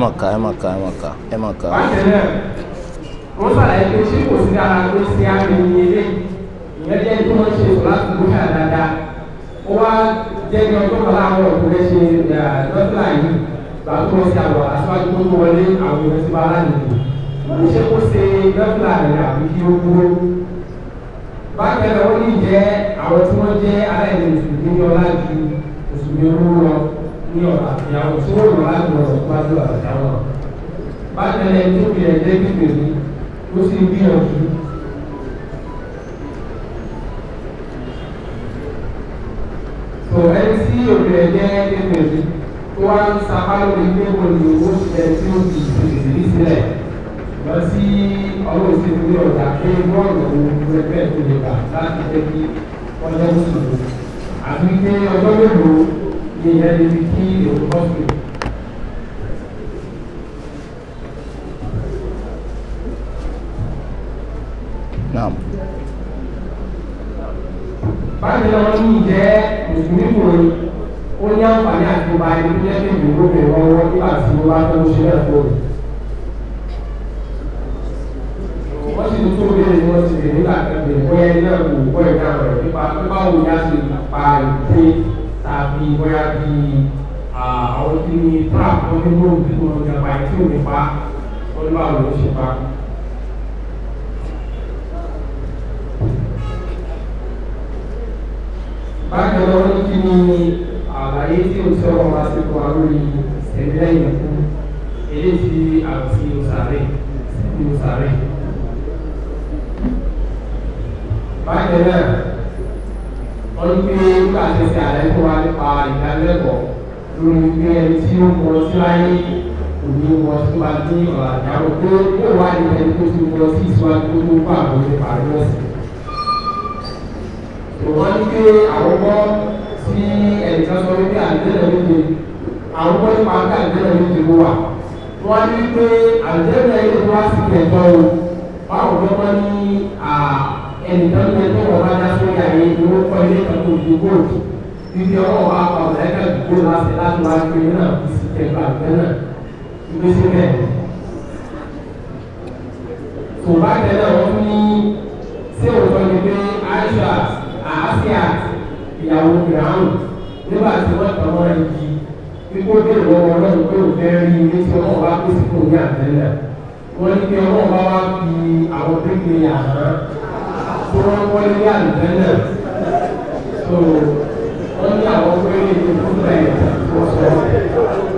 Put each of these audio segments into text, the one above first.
mọ̀ká ẹ mọ̀ká ẹ mọ̀ká ẹ mọ̀ká. wọ́n ṣàlàyé pé ṣé kò sí dára pé ṣé á rí ní ilé ìyẹn jẹ́ tí wọ́n ṣe sọ láti gbé ṣà dáadáa ó wá jẹ́ ní ọjọ́ kan láwọn ọ̀gbìn ṣe lọ́sílà yìí gbà tó wọ́n ṣe aṣáájú tó wọlé àwọn ìrẹsì bá aláìní. wọ́n ṣe kó ṣe lọ́sílà rẹ̀ àbí kí ó dúró. bákan náà wọ́n lè jẹ́ àwọn tí wọ́n jẹ́ aláìní mùsùlùmí ní ọlá ju mùsùlùmí owó lọ ní ọ̀la ìyàwó tí wọ́n lọ láti lọ síwájú àtàwọn. bákan náà ẹni tó fi ẹ̀jẹ̀ bíbélì ó sì gbìyànjú tó ẹni tí òbí ẹ̀jẹ̀ bíbélì tó wá ń lórí tí ó ti sílẹ̀. lọ sí ọlọ́run sí ilé ọ̀dà pé bọ́ọ̀lù òun pẹ̀lú tó lè bà láti jẹ́ kí ọjọ́ sùn àbí pé ọjọ́ mélòó ni ìyẹn lè fi kí èrò bọ́ọ̀lù. Naam. Báyìí lọ́wọ́ ní ìjẹ́ Mùsùlùmí kò ní ó ní àǹfààní àti ìgbà ìlú jẹ́ kí ìlú gbogbo ìwọ̀n wọn nígbà tí wọ́n bá tó ń ṣe lẹ́kọ̀ọ́ rẹ̀. wọ́n sì tún tóbi lè wọ́n sì lè nígbà tẹ̀lé bóyá iná wò bóyá iná rẹ̀ nípa pé báwo ni a ṣe pa ìpè tàbí bóyá bí àwọn tí ní trap wọn ní lóun tí wọn ní apá tí ò ní pa wọn ní báwo ló ṣe pa. bákan náà wọ́n kí ni àlàyé tí o sọ ọ́ wá sí wa lórí ẹ̀mí lẹ́yìn fún eléyìí àti òsàrè òsàrè. bákan náà wọ́n ní pé nígbà tí ṣe àlẹ́ fún wa nípa ìdánilẹ́kọ̀ọ́ lórí pé ẹni tí ó mọ sí láyé kò ní wọ sí wa ní ọ̀la ìyàwó pé yóò wá ní ẹni tó ti wọ sí ìsíwájú tó tó bá àwọn nípa ìrọ̀sì. wọ́n ní pé àwọn bọ́ sí ẹ̀ka sọ wípé àdéhùn méje àwọn bọ́ nípa pé àdéhùn méje ló wà. wọ́n ní pé àdéhùn méje wá sí ẹ̀tọ́ o báwo ló wọ́n ní ẹnìkan tó tó wọ́n bá dá sórí ayé ni wọ́n kọ́ ilé kan tó ju góòtù ibi ọwọ́ wa pa ọ̀lẹ́kẹ̀ gbogbo láti láti wá gbé náà fi sí ẹ̀gbà gbẹ́ náà gbé síbẹ̀. kò bá tẹ̀lé wọn ní sí òótọ́ ni pé aisha àásíà ìyàwó ìràhùn nígbà tí wọ́n tọ́ wọn yìí wípé ó bèrè lọ́wọ́ ọlọ́run pé òun fẹ́ rí ilé tí ọmọ wa kó sí kò ní àtẹ́lẹ̀ wọ́n ní pé ọmọ wa wá fi àwọn pínpín tí wọ́n ní àlùjẹ́ tó wọ́n ní àwọn péré ìdókòwò ẹ̀ wọ́n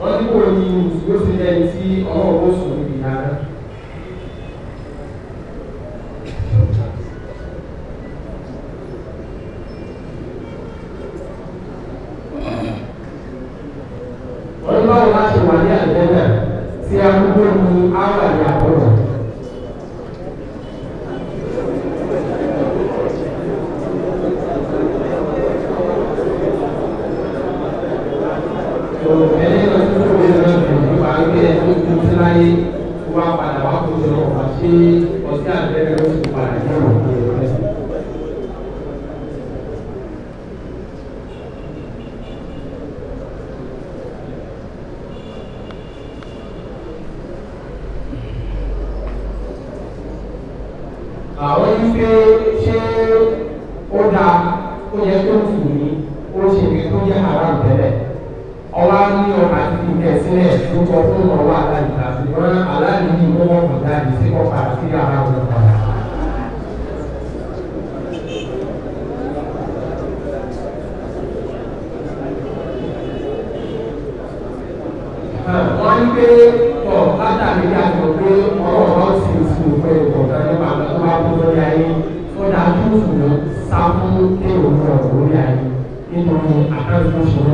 wọ́n ní kò ní mùsùlùmí ó sì ní ẹni tí ọlọ́run ó sùn níbi ìyá Gracias.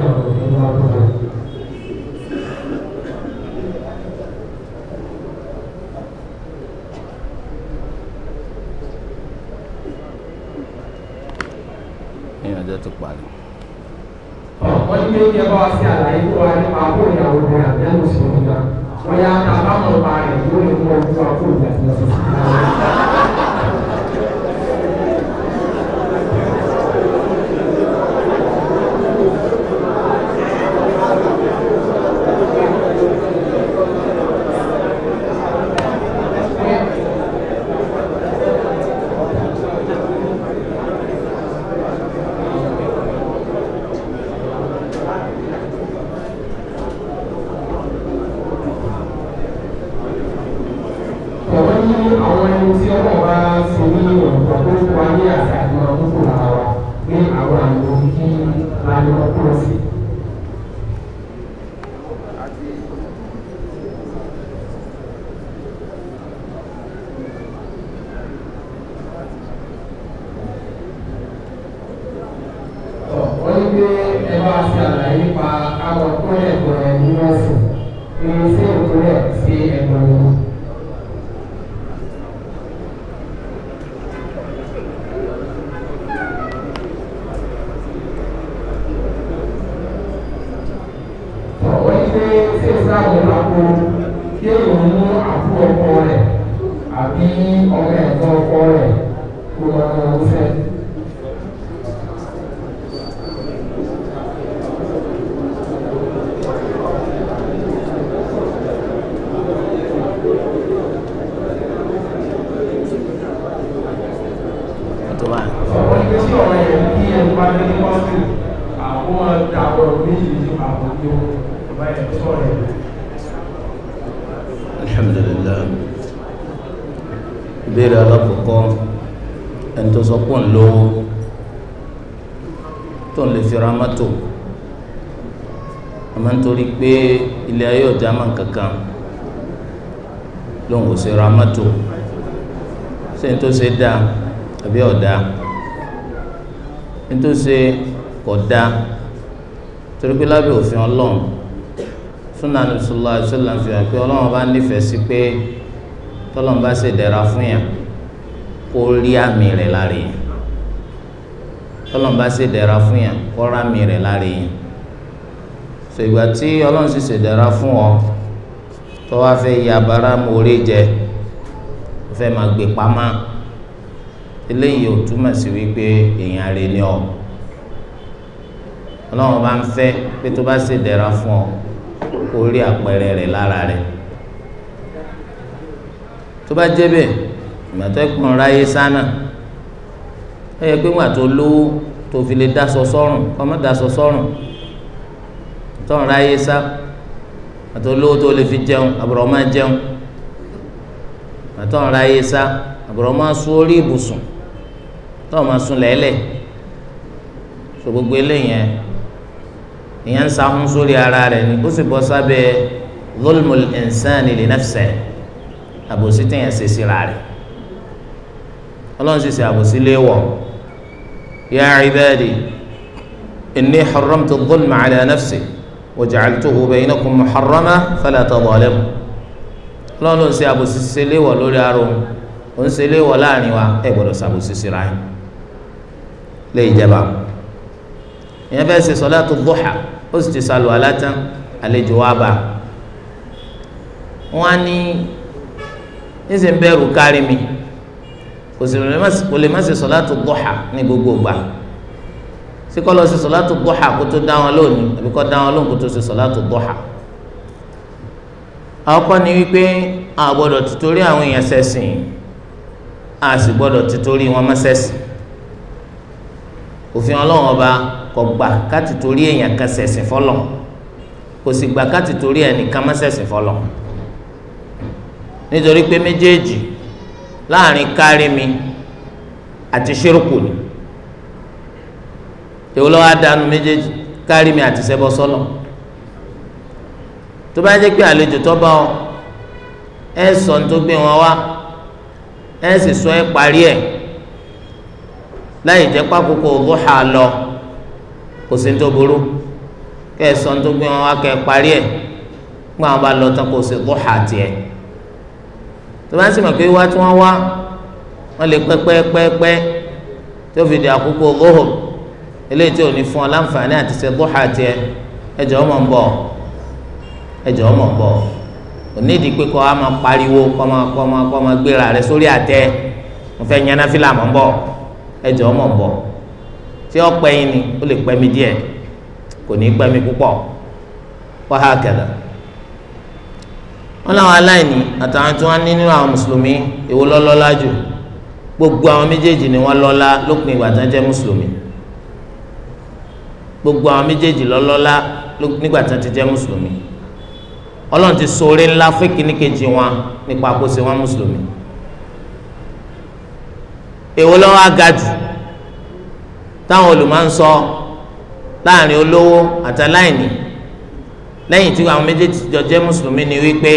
sáàbù lápò kí èèyàn mú àpò ọkọ rẹ̀ àbí ọmọ ẹ̀gbọ́n ọkọ rẹ̀ kó lọ ní ọdúnfẹ́. Ọ̀pọ̀ ìgbésí ọ̀rẹ́ yẹn kí ẹni bá dé ní kọ́sìtì àwọn ọmọ ẹ̀dá ọ̀rọ̀ méjì alhamdulilayi ìbéèrè alákọ̀ọ́kọ́ ẹni tó sọ pé ń lówó tó ń lè fi ra mọ́tò àmọ́ nítorí pé ilé ayé ọ̀dà máa ń kankan lóun kò sí ra mọ́tò ṣé ní tó ṣe dáa àbí ọ̀dà ní tó ṣe kọ̀ dáa torí pé lábẹ́ òfin ọlọ́run sunan bisalòlá ṣọlá fi hàn pé ọlọ́run bá nífẹ̀ẹ́ sí pé tọ́lọ́run bá ṣe dẹ̀ra fún yàn kó rí àmì rẹ̀ lára yẹn tọ́lọ́run bá ṣe dẹ̀ra fún yàn kó rí àmì rẹ̀ lára yẹn ṣègbà tí ọlọ́run sì ṣe dẹ̀ra fún ọ tó wá fẹ́ ya bara mórí jẹ fẹ́ máa gbé pamọ́ eléyìí ò túmọ̀ sí wípé èèyàn rẹ̀ ni ọ ọlọ́run bá ń fẹ́ pé tó bá ṣe dẹ̀ra fún ọ kó rí àpẹẹrẹ rẹ̀ lára rẹ̀ tó bá jẹ́ bẹ́ẹ̀ ìgbà tó ẹkùn ráyé sánà ẹ yẹ pé wọn àti olówó tó fi lè dasọ sọ́rùn kọ má dasọ sọ́rùn tọrùn ráyé sá àti olówó tó lè fi jẹun àbúrò máa jẹun àtọrùn ráyé sá àbúrò máa sún orí ibùsùn tọrùn máa sún lẹ́lẹ̀ so gbogbo eléyìí yẹn ìyẹn ń sahun sórí ara rẹ̀ ni ó sì bọ́ sábẹ́ zulmul insani li nafsi àbòsí tẹ̀yàn ṣe síra rẹ̀ ọlọ́run sì ṣe àbòsí léwọ̀ ya ibadi inni haramtu zulma ala nafsi waja'altuhu bainakum muharrama fala tadhalamu ọlọ́run ló ń ṣe àbòsí ṣe léwọ̀ lórí ara òun òun ṣe léwọ̀ láàrin wa ẹ gbọ́dọ̀ ṣàbòsí síra yín lè jẹba mu ìyẹn fẹ́ ṣe sọ̀látù duha ó sì ti sàlù alátán àlejò wa bá wọn á ní ẹsẹ̀ ń bẹ̀rù kárí mi kò sì lè má ṣe sọ̀látù duha ní gbogbo ìgbà sí kó lọ ṣe sọ̀látù duha kó tó dá wọn lónìí àbí kó dá wọn lóhùn kó tó ṣe sọ̀látù duha àkọ́kọ́ ni wípé a tìtorí àwọn èèyàn ṣẹ̀sìn a tìtorí wọn má ṣẹ̀sìn òfin ọlọ́run ọba kò gbà káti torí èèyàn kan ṣẹ̀sìn fọlọ́ kò sì gbà káti torí ẹnìkan má ṣẹ̀sìn fọlọ́ nítorí pé méjèèjì láàrin kárí mi àti ṣírùkù ni èwo lọ́wọ́ adanu méjèèjì kárí mi àti ṣẹbọ sọ́lọ̀ tó bá jẹ́ pé àlejò tó bá ọ ẹ sọ ní tó gbé wọn wá ẹ sì sọ ẹ parí ẹ̀. láì jẹ́ pákókó lóha lọ kò sí tó burú kẹsàn tó gbé wọn wá kẹ parí ẹ̀ gbọ́n àwọn bá lọ tán kò sí lóha tiẹ̀ tó bá sì mọ̀ pé wá tí wá lè fi di àkókò lóhùn eléyìí tí ò ní fún ọ láǹfààní àti ṣe lóha tiẹ̀ ẹjọ́ ọmọ ń bọ̀ ọmọ a máa pariwo máa máa máa gbéra rẹ sórí àtẹ mo fẹ́ yẹn náà ẹjọ ọmọ bọ tí ó pẹ́ yín ni ó lè pẹ́ mi díẹ̀ kò ní pẹ́ mi púpọ̀ wá ha kẹlẹ wọn làwọn aláìní àtàwọn tí wọn ní nínú àwọn mùsùlùmí èwo lọ́lọ́lá jù gbogbo àwọn méjèèjì ni wọ́n lọ́lá lópin ìgbà tí wọn jẹ mùsùlùmí gbogbo àwọn méjèèjì lọ́lọ́lá nígbà tí wọn ti jẹ́ mùsùlùmí Ọlọ́run ti ṣoore ńlá fún ìkíníkejì wọn nípa àkóso wọn mùsùlùmí. èwo ló wá ga jù táwọn olùmọ̀ ń sọ láàrin olówó àtàláìní lẹ́yìn tí àwọn méjèèjì jọ jẹ́ mùsùlùmí ni wípé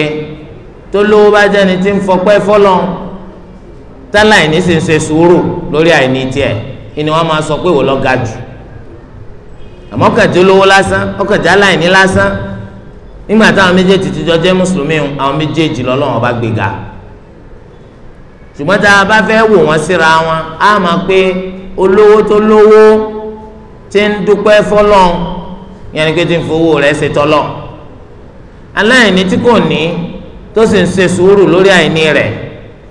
tó lówó bá jẹ́ni tí ń fọpẹ́ fọlọ́n táláìní sì ń ṣe sùúrù lórí àìní tiẹ̀ ni wọ́n máa sọ pé èwo ló ga àmọ́ kàtí olówó lásán ọkàtí aláìní lásán nígbà táwọn méjèèjì ti jọ jẹ́ mùsùlùmí àwọn méjèèjì ṣùgbọ́n tá a bá fẹ́ wò wọ́n síra wọn á mọ̀ pé olówó tó lówó ti ń dúpẹ́ fọlọ́n yẹn ni pé ti ń fowó rẹ̀ ṣe tọ́lọ̀ aláìní tí kò ní tó sì ń ṣe sùúrù lórí àìní rẹ̀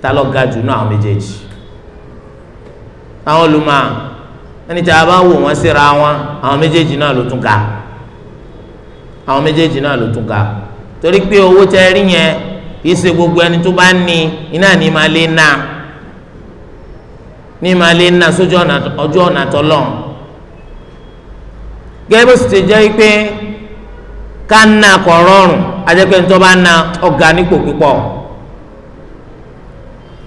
ta ló ga jù náà àwọn méjèèjì àwọn olùmọ̀ ẹni tí a bá wò wọ́n síra wọn àwọn méjèèjì náà ló tún ga àwọn méjèèjì náà ló tún ga torí pé owó tẹ́ rí yẹn ìṣe gbogbo ẹni tó bá ní iná ní máa lé ná ní máa lé ná sójú ọjọ́ ọ̀nà tọ́lọ̀ gẹ́gẹ́ bó sì ti jẹ́ pé ká ná kọ̀ rọrùn ajẹ́pẹ́ ní tó bá ná ọ̀gá nípò púpọ̀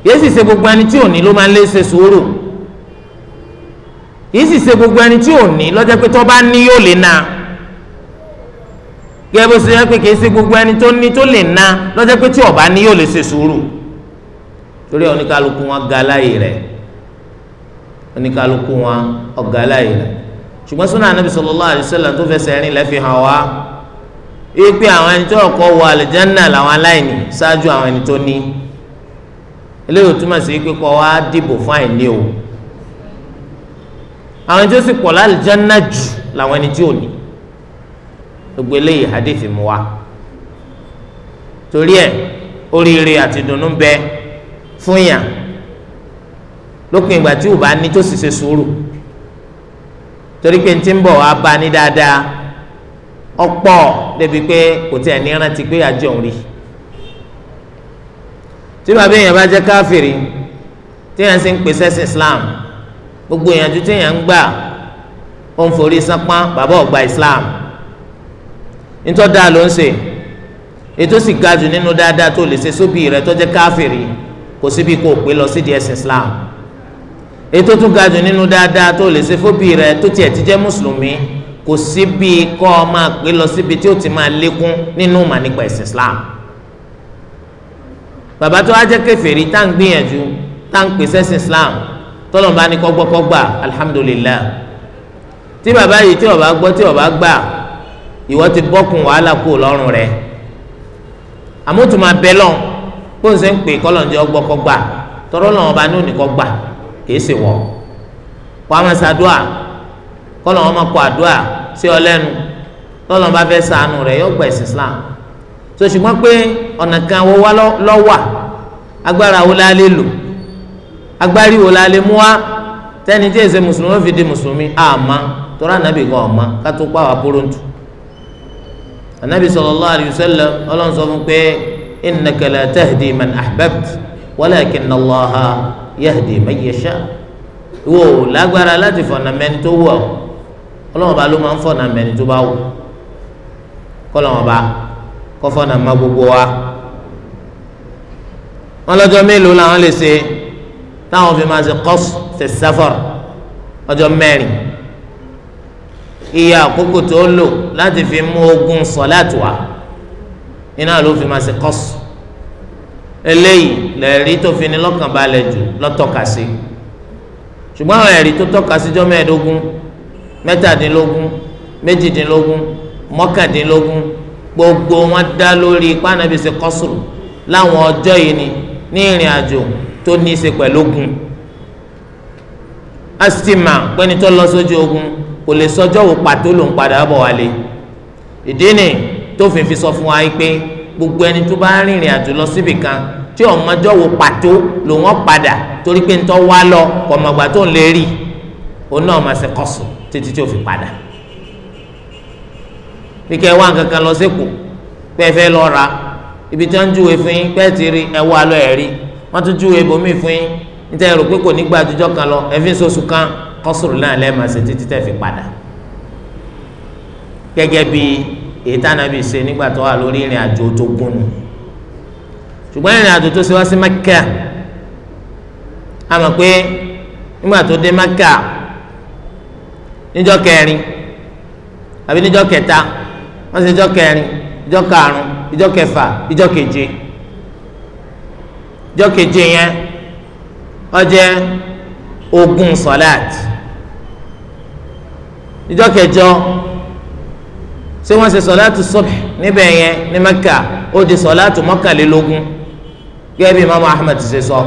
yìí sì ṣe gbogbo ẹni tí ò ní ló máa ń lé ṣe sùúrù yìí sì ṣe gbogbo ẹni tí ò ní lọ́jọ́ pé tó bá ní yóò lè ná gẹ́gẹ́ bó ṣe yẹ pé kì í ṣe gbogbo ẹni tó ní tó lè na lọ́jọ́ pé tí ọ̀bá ní yóò lè ṣe sùúrù torí oníkálukú wọn ga láàyè rẹ̀ oníkálukú wọn ọ̀gá láàyè rẹ̀ ṣùgbọ́n súnà anábì sallallahu alaihi wasallam tó fẹsẹ̀ rìn lẹ́fi hàn wá wípé àwọn ẹni tó ọkọ̀ wọ àlùjánnà làwọn aláìní ṣáájú àwọn ẹni tó ní eléyìí túmọ̀ sí pé kọ́ wá dìbò fún àìní o àwọn ẹni tó sì pọ̀ lálùjánnà jù làwọn ẹni tí ò ní gbogbo eléyìí hadith mu wa torí ẹ oríire àti dùnnú bẹ fún yàn lópin ìgbà tí o bá ní tó sì ṣe sùúrù torí pé n ti ń bọ̀ wá bá ní dáadáa ọ̀pọ̀ débi pé kò tẹ̀ ní rántí pé àjọ ń rí tí bàbá èèyàn bá jẹ́ káfìrí tí èèyàn sì ń pèsè sí Islam gbogbo ìyànjú tí èèyàn ń gbà ó ń forí sánpọ́n bàbá ọ̀gbà Islam ntọ́ da ló ń ṣe ètò sì ga jù nínú dáadáa tó lè ṣe sóbì rẹ tó jẹ́ káfìrí kò síbi kò pé lọ sí díẹ̀ sí Islam ètò tún ga jù nínú dáadáa tó lè ṣe fóbì rẹ tó tiẹ̀ ti jẹ́ mùsùlùmí kò síbi kọ́ ọ máa pé lọ síbi tí ó ti máa lékún nínú mà nípa ẹ̀sìn Islam bàbá tó wá jẹ́ kèfèrí tá ń gbìyànjú tá ń pèsè ẹ̀sìn Islam tọ́lọ̀ bá ní kọ́gbọ́kọ́gbà alhamdulillah tí bàbá yìí tí ó bá gbọ́ tí ó bá gbà ìwọ ti bọ́kùn wàhálà kú lọ́rùn rẹ àmótùmá bẹ́lọ̀ kó n ṣe ń pè kọ́lọ́njẹ́ ọgbọ́kọ́ gbà tọ́rọ́ lọ́wọ́ bá ní òníkọ́ gbà kìí ṣe wọ̀ kó a máa ṣàdúà kọ́lọ́wọ́ máa kó àdúà sí ọ lẹ́nu bá fẹ́ ṣàánú rẹ yóò gba ẹ̀sìn Islam tó ṣùgbọ́n pé ọ̀nà kan wo wá lọ́wà agbára wo la lè lò agbárí wo la lè mú wá tẹ́ni tí èsè mùsùlùmí fi di mùsùlùmí àmọ́ tọ́ra nàbì kan ọ̀ma ká tó pàwọ́ àbúrò ń anabi sallallahu alayhi wa sallam ọlọ́run sọ fún pé innaka la tahdi man ahbabt walakin allaha yahdi man yasha wo lágbára láti fọ̀nà mẹ́ni tó wù ọ́ ọlọ́run ọba ló máa ń fọ̀nà mẹ́ni tó bá wù kọ́lọ́run ọba kọ́ fọ̀nà má gbogbo wa wọn lọ́jọ́ mélòó làwọn lè ṣe táwọn fi máa ṣe qasr fi safar ọjọ́ iye àkókò tó lò láti fi mú ogún sọláàtì wá iná ló fi máa ṣe kọ́sù eléyìí lẹ́ẹ̀rí tó fi ní lọ́kàn balẹ̀ jù lọ́tọ̀ka sí ṣùgbọ́n àwọn ẹ̀rí tó tọ́ka sí jọ́ mẹ́ẹ̀ẹ́dógún mẹ́tàdínlógún méjìdínlógún mọ́kàndínlógún gbogbo wọn dá lórí ipá nàbí ṣe kọ́sù láwọn ọjọ́ yìí ni ní ìrìn àjò tó ní í ṣe pẹ̀lú ogun a pẹ́ni tó lọ sójú ogun kò lè sọjọ́ wo pàtó ló ń padà bọ̀ wálé ìdí ni tó fi fi sọ fún wa yìí pé gbogbo ẹni tó bá ń rìnrìn àjò lọ síbì kan tí ọmọjọ́ wo pàtó ló wọ́n padà torí pé ntọ́ wá lọ kọ̀mọ̀gbà tó ń lè rí òun náà máa ṣe kọ̀sù títí tí ó fi padà bí kẹ́ ẹ wá nǹkan kan lọ sípò pé ẹ fẹ́ lọ ra ibi tí wọ́n ń júwe fún yín pé ẹ ti rí ẹ wá lọ wọ́n tún júwe bòmíì fún yín níta rò pé kò ní gbàdújọ́ kan lọ ẹ fi ń sọ kan Ọ náà lẹ́ẹ̀ma ṣe títí tẹ́ fi padà gẹ́gẹ́ bí èyí ṣe nígbà tó wà lórí ìrìn àjò tó gùn ṣùgbọ́n ìrìn àjò tó ṣe wá sí Mẹ́kà a mọ̀ pé nígbà tó dé Mẹ́kà níjọ́ kẹrin àbí níjọ́ kẹta wọ́n ṣe níjọ́ kẹrin níjọ́ karùn níjọ́ kẹfà níjọ́ keje níjọ́ keje yẹn ìjọ kẹjọ ṣé wọ́n ṣe sọ̀láàtù subh níbẹ̀ yẹn ní mẹ́kà ó di sọ̀láàtù mọ́kànlélógún gẹ́gẹ́ bí imaamu ahmed ṣe sọ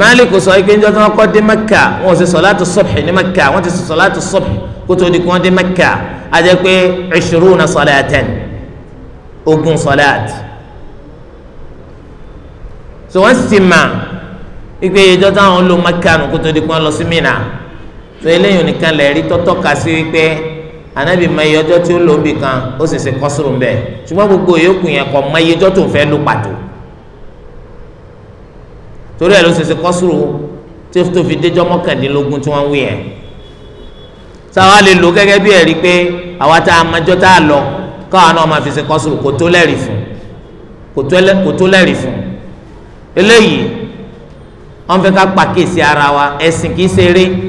malik sọ ike ń jọ tí wọ́n kọ́ dé mẹ́kà wọ́n ṣe sọ̀láàtù subh ní mẹ́kà wọ́n ti ṣe sọ̀láàtù subh kó tó di kí wọ́n dé mẹ́kà a jẹ́ pé ishiruna sọ̀láàtẹ̀n ogún sọ̀láàtì so wọ́n sì ti mà ike ìjọ táwọn lò mẹ́kà nù kó di kí wọ́n lọ sí mìíràn so eléyìí nìkan lè rí tọ́tọ́ ka sí wípé anabi mayi ọjọ́ tí ó lò ó bì kan ó sì ṣe kọ́sùrù mbẹ́ ṣùgbọ́n gbogbo yòókù yẹn kọ́ mayi ọjọ́ tó ń fẹ́ lù pàtó torí ẹ̀ ló ṣe ṣe kọ́sùrù tí tó fi déjọ́ mọ́kàndínlógún tí wọ́n ń wí yẹn táwa lè lò gẹ́gẹ́ bí ẹ̀rí pé àwa tá a máa tá a lọ káwa náà máa fi ṣe kọ́sùrù kò tó lẹ́rìí fún kò tó lẹ́rìí fún eléyìí wọ́n fẹ́ ká pàkíyèsí ara wa ẹ̀sìn kìí ṣeré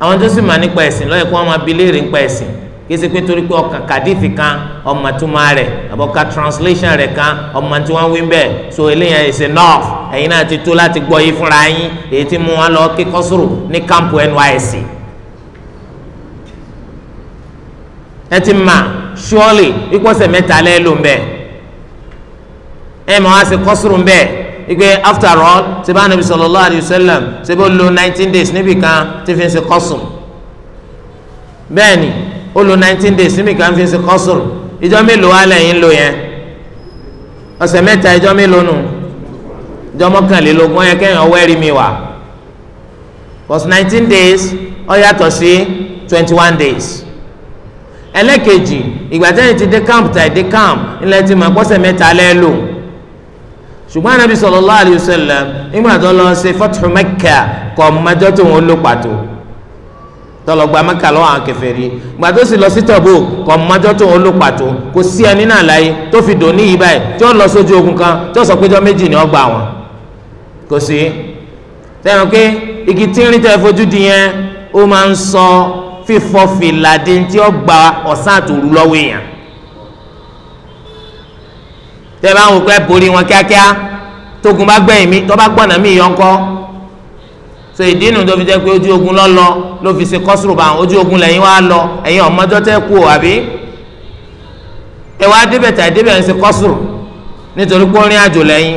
àwọn tó sì mà nípa ẹ̀sìn lọ́yẹ̀ kó wọ́n máa bi léèrè nípa ẹ̀sìn kí ẹsẹ̀ pé torí pé ọkàn kàdífì kan ọmọ àtúmọ̀ rẹ̀ àbọ̀ka translation rẹ̀ kan ọmọ tí wọ́n wí ń bẹ̀ so eléyàn ẹ̀sìn north ẹ̀yin náà ti tó láti gbọ́ yìí fúnra yín èyí tí mo wá lọ kí kọ́sùrù ní kámpù NYSC. ẹ ti mà surely ikọ́sẹ̀ mẹ́ta lẹ́ẹ̀lò ń bẹ̀ ẹ̀ mọ̀ wá sí kọ́sùrù ń bẹ̀ igbe after all sebo anabi sallallahu alayhi wa sallam sebo lo nineteen days níbi kan ti fi ṣe kọ́sùn bẹ́ẹ̀ni ó lo nineteen days níbi kan fi ṣe kọ́sùn ìjọ mélòó alẹ́ yìí ń lo yẹn ọ̀sẹ̀ mẹ́ta ìjọ mélòó nù ìjọ mọ́kànlélógún yẹn kẹ́yìn ọwọ́ ẹ̀rí mi wá cos nineteen days ó yàtọ̀ sí twenty one days ẹlẹ́kejì ìgbà tẹ́yìn ti dé camp tàì dé camp ńlẹ́ ti mọ̀ ẹ̀kọ́sẹ̀ mẹ́ta lẹ́ẹ̀ lò ṣùgbọ́n anabi sallallahu alayhi wa sallam nígbà tó lọ ṣe fathu mẹ́kà kọ́ mẹ́jọ́ tó ń lò pàtó tọlọ gba mẹ́kà lọ́wọ́ àwọn kèfèrí gbà tó sì lọ sí tọ̀bù kọ́ mẹ́jọ́ tó ń lò pàtó kò sí ẹni náà láyé tó fi dòní yìí báyìí tí ó lọ sójú ogun kan tí ó sọ pé méjì ni ó gbà wọn kò sí tẹ́wọ̀n pé igi tínrín tẹ́ fojú di yẹn ó máa ń sọ fífọ́ fìlà dín tí ó gba ọ̀sán àtòrú lọ́wọ́ èèyàn tẹ́ bá ń wò pé borí wọn kíákíá tógun bá gbẹ̀yìn mi tó bá gbọ̀nà mí yọ ńkọ́ so ìdí nu tó fi jẹ́ pé ojú ogun lọ lọ ló fi ṣe kọ́sùrù bá àwọn ojú ogun lẹ́yìn wá lọ ẹ̀yin ọ̀mọ́jọ́ tẹ́ kú o àbí ẹ wá débẹ̀ tà débẹ̀ ń ṣe kọ́sùrù nítorí pé ó àjò lẹ́yìn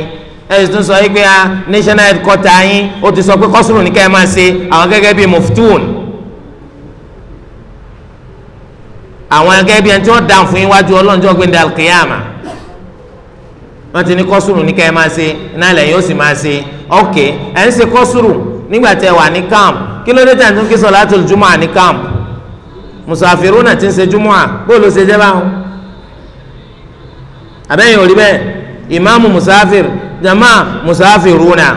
ẹ sì tún sọ pé a national headquarter yín ó ti sọ pé kọ́sùrù ní ká ẹ máa ṣe àwọn gẹ́gẹ́ bíi muftun àwọn gẹ́gẹ́ bíi ẹni tí wọ́n dàn fún yín wájú ọlọ́njọ́ gbẹ̀ndẹ̀ alkiyama wọ́n ti ní kọ́sùrù ní kẹ́ ẹ máa ṣe náà lẹ́yìn ó sì máa ṣe ok ẹ̀ ń ṣe kọ́sùrù nígbà tẹ wà ní camp kí ló dé tàǹtún kí sọ̀láàtù jùmọ̀ ní camp mùsàfìrú náà ti ń ṣe jùmọ̀ bó ló ṣe jẹ́ báwọn. àbẹ́yìn ò bẹ́ẹ̀ ìmáàmù mùsàfìr jama mùsàfìrú náà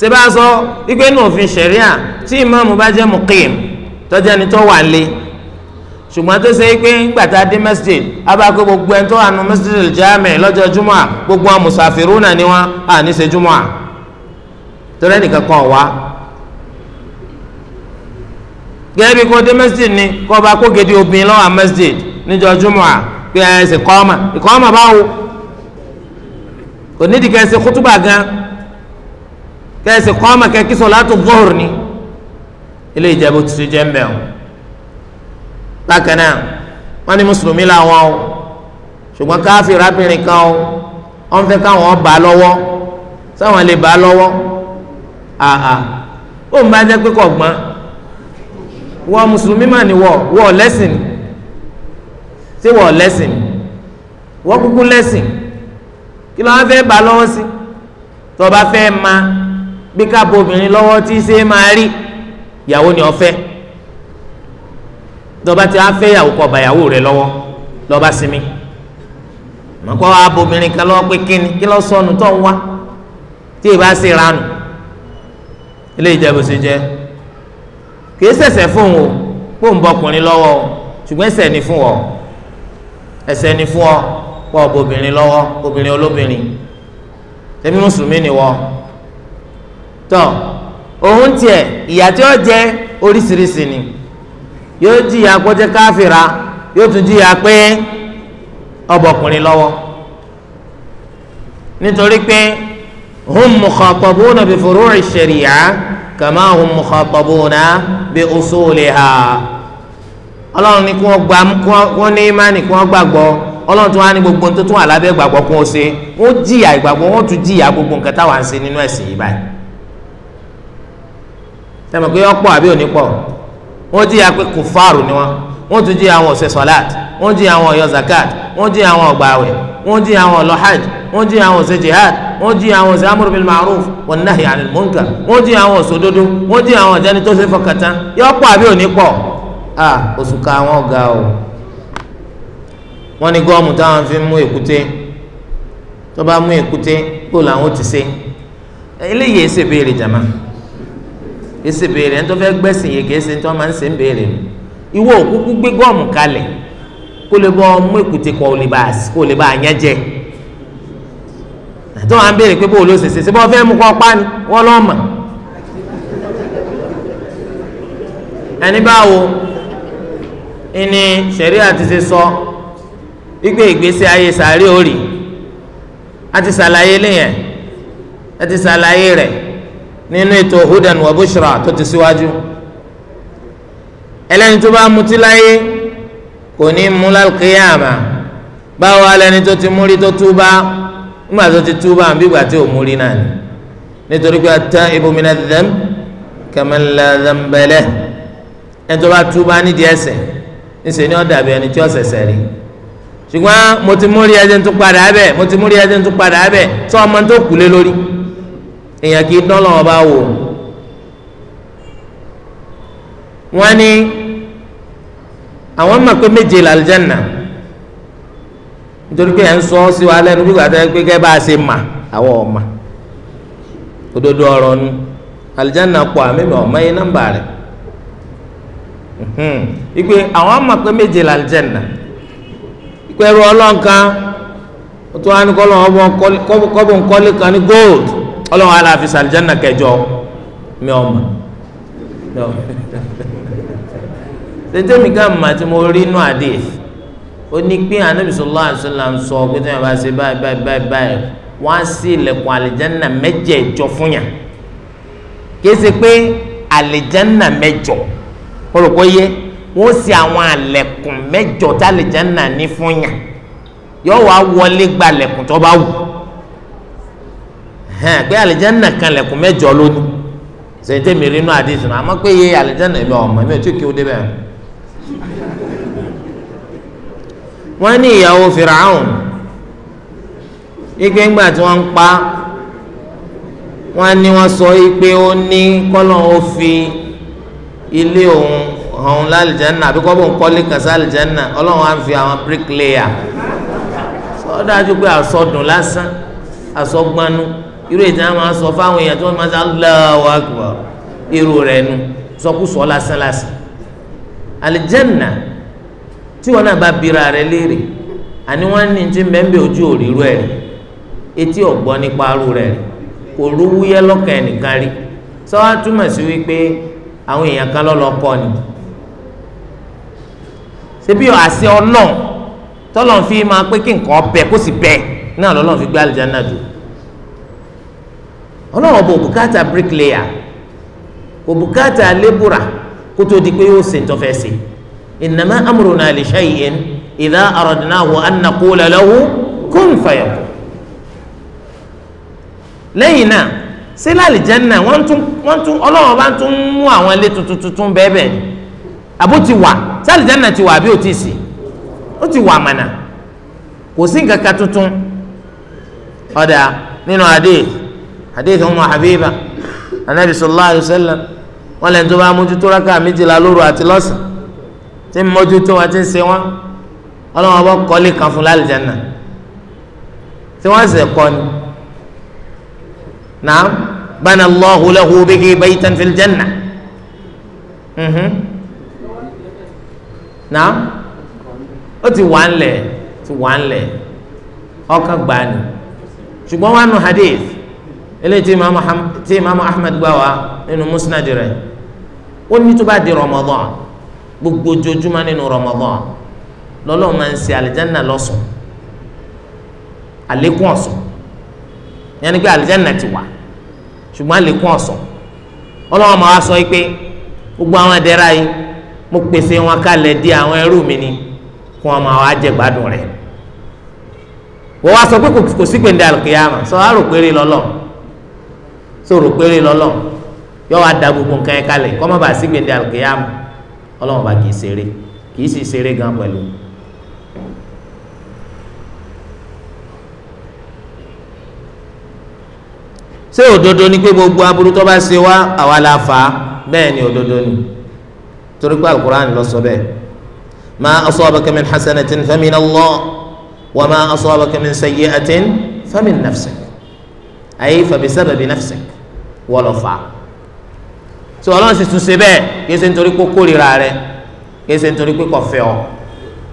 ṣe bá a sọ wípé ní òfin ṣẹ̀ríà tí ìmáàmù bá jẹ́ muqim tọ́jú ẹni tó wà lé ṣùgbọ́n tó ṣe é pé gbàtà dé masjid abáko gbogbo ẹni tó wà nù masjid al-jami lọ́jọ́ jumua gbogbo àwọn musafiruna ni wọn à ní ṣe jumua torí ẹnìkan kan wá gẹ́gẹ́ bí kò dé masjid ni kò bá kó gidi obìnrin lọ́wọ́ masjid níjọ́ jumua pé ẹ ṣe kọ́ọ̀mà ìkọ́ọ̀mà báwo kò nídìí kẹ́sì kútùbà gan kẹ́sì kọ́ọ̀mà kẹ́kí sọ̀látù zuhur ni ilé ìjẹ́bù ti bákan náà wọ́n ní mùsùlùmí làwọn o ṣùgbọ́n káfíìn rábìnrin kan o wọ́n fẹ́ káwọn bá a lọ́wọ́ sáwọn lè bá a lọ́wọ́ àhà ó ń bá jẹ́ pé kò gbọ́n wọ mùsùlùmí mà ní wọ wọ lẹ́sìn ṣé wọ lẹ́sìn wọ́n kúkú lẹ́sìn kí ló wọ́n fẹ́ bá a lọ́wọ́ sí tó bá fẹ́ ma bí ká bo obìnrin lọ́wọ́ tí ṣe máa rí ìyàwó ni ọ fẹ́ dọba tí a fẹ́ yàwó kọ bàyàwó rẹ lọ́wọ́ lọ́ba sinmi mọ̀kọ́ abobìnrin kan lọ́wọ́ pé kíni kí lọ́ sọnù tó ń wá tí ì bá sì ranù ilé ìjẹ́bù sì jẹ́ kì í ṣẹ̀ṣẹ̀ fún o kó ń bọkùnrin lọ́wọ́ o ṣùgbọ́n ẹ̀ṣẹ̀ ni fún ọ ẹ̀ṣẹ̀ ni fún ọ pọ̀ obìnrin lọ́wọ́ obìnrin olóbìnrin tẹ́bí mùsùlùmí ni wọ́n tọ́ òun tiẹ̀ ìyà tí ó jẹ́ oríṣiríṣi ni yóò jìyà kó jẹ́ káfìrà yóò tún jìyà pé ọbọkùnrin lọ́wọ́ nítorí pé hum mukhatabuna bi furu'i sharia kama hum mukhatabuna bi usuliha ọlọ́run ní kí wọ́n gbà kí wọ́n ní imáni kí wọ́n gbàgbọ́ ọlọ́run tó wá ní gbogbo tó tún àlábẹ́ gbàgbọ́ kó o ṣe wọ́n jìyà tún jìyà gbogbo nǹkan táwa ń ṣe nínú ẹ̀sìn yìí báyìí tẹ́lẹ̀ pé ọ̀pọ̀ àbí òní pọ̀ wọ́n jìyà pé kùfàrù ni wọ́n wọ́n tún jìyà àwọn ọ̀sẹ̀ sọ́láàt wọ́n jìyà àwọn ọ̀yọ́ zakat wọ́n jìyà àwọn ọ̀gbàwẹ̀ wọ́n jìyà àwọn ọ̀lọ́hàj wọ́n jìyà àwọn ọ̀sẹ̀ jihad wọ́n jìyà àwọn ọ̀sẹ̀ amúrú bíi ma'ruf wọn náà yà ni múnkà wọ́n jìyà àwọn ọ̀sẹ̀ òdodo wọ́n jìyà àwọn ọ̀jẹ́ni tó ṣe fọkàtà yọ pọ̀ àbí òní pọ̀ a oṣù ká àwọn ọ̀gá o wọ́n ní gọ́ọ̀mù táwọn fi mú èkúté tó bá mú èkúté kó làwọn ti ṣe eléyìí ṣèbéèrè jàmáà èsì béèrè ẹni tó fẹ́ gbẹ̀sìn yìí kì í ṣe ní tí wọ́n máa ń ṣe ń béèrè nù ìwọ òkúkú gbé gọ́ọ̀mù kalẹ̀ kó lè bọ́ ọmú èkúté kọ́ ò lè bá kó lè bá àyàn jẹ tó wà ń béèrè pé bó o ṣé bọ́ọ̀ fẹ́ mú kọ́ pa ni wọ́n lọ́ mọ̀ ẹni báwo ẹni sẹ̀rí àti ṣe sọ igbe ìgbésí ayé sàárè òrì àti ṣàlàyé lẹ́yìn àti ṣàlàyé rẹ̀ nínú ètò hudan wa bushra tó ti síwájú ẹlẹ́ni tó bá mutí láyé kò ní mú lálùkìyàmà báwo alẹ́ni tó ti múrí tó túbá nígbà tó ti túbá àbí ìgbà tí ò múrí náà ni nítorí pé at-taibu min adh-dhanb ẹni tó bá túbá nídìí ẹ̀ṣẹ̀ níṣẹ́ ni ó dàbí ẹni tí ó ṣẹ̀ṣẹ̀ rí ṣùgbọ́n mo ti múrí ẹjẹ̀ ń padà bẹ́ẹ̀ mo ti múrí ẹjẹ̀ ń padà bẹ́ẹ̀ sọ ọmọ tó kù lé lórí. èèyàn kì í dán lọ́wọ́ wò wọ́n ní àwọn mọ̀ pé méje làlùjánnà nítorí pé ẹ̀ ń sọ sí wa bí pé kẹ́ bá a ṣe mà àwọn ọ̀ma òdodo ọ̀rọ̀ nu àlùjánnà pọ̀ àmẹ́mẹ́ ọ̀ma yẹn nọ́mbà rẹ̀ ìpè àwọn mọ̀ pé méje làlùjánnà ìpè ẹrù ọlọ́nkan tó ọlọ́run aláàfin sàlìjánà kẹjọ mi ò mọ̀ tètè mi ká mà tí mo rí inú àdé ó ní pé anabi sallallahu alaihi wasallam ń sọ pé tí wọn bá ṣe báyìí báyìí báyìí báyìí wọn á sí ilẹ̀kùn àlìjánà mẹ́jẹ̀ẹ̀jọ fún yàn kí ẹ ṣe pé àlìjánà mẹ́jọ kọlọkọ yẹ wọn sì àwọn àlẹ̀kùn mẹ́jọ tá àlìjánà ní fún yàn yọ wá wọlé gba àlẹ̀kùn tó bá wù. hàn pé àlìjáná kan lẹ̀kùn mẹ́jọ lónìí sèǹté mi rí inú àdìsùn àmọ́ pé iye àlìjáná mi ọ̀mọ́ mi ò tí kí ó débẹ̀. wọ́n ní ìyàwó igbe ńgbà tí wọ́n ń pa wọ́n ní wọ́n sọ ipe ó ní ó fi ilé òun ọ̀hún lálìjánná àbí kọ́bọ̀ nkọ́lé kan sálìjánná ọlọ́run á fi àwọn bíríkìlẹ́yà sọ́dájú pé àsọdùn lásán àsọgbánú. So irú ìtàn máa sọ fáwọn èèyàn tí wọ́n máa sọ Allahu Akbar irú rẹ̀ nu sọkúsọ lásán lásán alìjẹ́nà tí wọn náà bá bira rẹ̀ léèrè àní wọ́n ní ti mẹ́ńbẹ́ ojú òrírú ẹ̀ rí etí ọ̀gbọ́ nípa arú rẹ̀ rí kò rówúyẹ́ lọ́kàn ẹnìkan rí sọ́wọ́ túmọ̀ sí wípé àwọn èèyàn kan lọ́lọ́ kọ́ ni ṣebí àṣẹ ọlọ́ọ̀ tọ́lọ́ọ̀ fi máa pé kí nǹkan ọbẹ̀ kó sì bẹ́ẹ̀ náà lọ́lọ́ọ̀ fi gbé alìjẹ́nà dùn ọlọ́run ọba òbúkátà bricklayer òbúkátà lébùrà kó tó di pé yóò ṣe tó fẹ́ ṣe innama amruna li shay'in idha aradnahu an naqula lahu kun fayakun lẹ́yìn náà sílẹ àlìjẹnà wọn tún wọn tún ọlọ́run bá tún mú àwọn ilé tuntun tuntun bẹ́ẹ̀ bẹ́ẹ̀ àbó ti wà sálìjẹnà ti wà àbí ò ti sì ó ti wà mànà kò sí nǹkan kan tuntun ọ̀dà nínú adé yìí hadith Ummu Habiba anabi sallallahu alayhi wa sallam wọn lẹ́nu tó bá mójútó rákà méjìlá lóru àti lọ́sàn tí ń mójútó wọn ti ń ṣe wọn ọlọ́wọ́n bọ́ kọ́lé kan fún lálìjáná tí wọ́n sì kọ́ ni naam bana Allahu lahu bihi baytan fil janna mhm. naam ó ti wà ń lẹ̀ ti wà ń lẹ̀ ọkàn gbani ṣùgbọ́n wọn nù hadith eléyìí tí imaamu ahmed gbà wá nínú musnad rẹ̀ ó ní tó bá di rọmọdán gbogbo ojoojúmọ́ nínú rọmọdán lọ́lọ́run máa ń ṣe àlìjáná lọ́sùn àlékún ọ̀sùn yẹnni pé àlìjáná ti wà ṣùgbọ́n àlékún ọ̀sùn ọlọ́run máa wá sọ pé gbogbo àwọn ẹ̀dẹ́ra yìí mo pèsè wọn kalẹ̀ di àwọn ẹrú mi ni kí wọn máa wá jẹ gbádùn rẹ̀ wọ́n wá sọ pé kò sí gbèǹdé àlùkìyàmà sọ wá rò péré lọ́lọ́run sọ̀rọ̀ péré lọ́lọ́ yọ wá da gbogbo nǹkan yẹn kalẹ̀ kọ́ mọ́ bá sí gbèdé àlùkìyàm ọlọ́run bá kì í ṣeré kì í sì ṣeré gan pẹ̀lú. ṣé òdodo ni pé gbogbo aburú tó bá ṣe wá àwa la fà á bẹ́ẹ̀ ni òdodo ni torí pé alukur'an ló sọ bẹ́ẹ̀ ma asabaka min hasanatin famin Allah wa ma asabaka min sayyi'atin famin nafsik ayi fa bisababi nafsik wọ́n lọ fà á tí ọlọ́run sì tún ṣe bẹ́ẹ̀ kìí ṣe nítorí pé kórìíra rẹ kìí ṣe nítorí pé kò fẹ́ ọ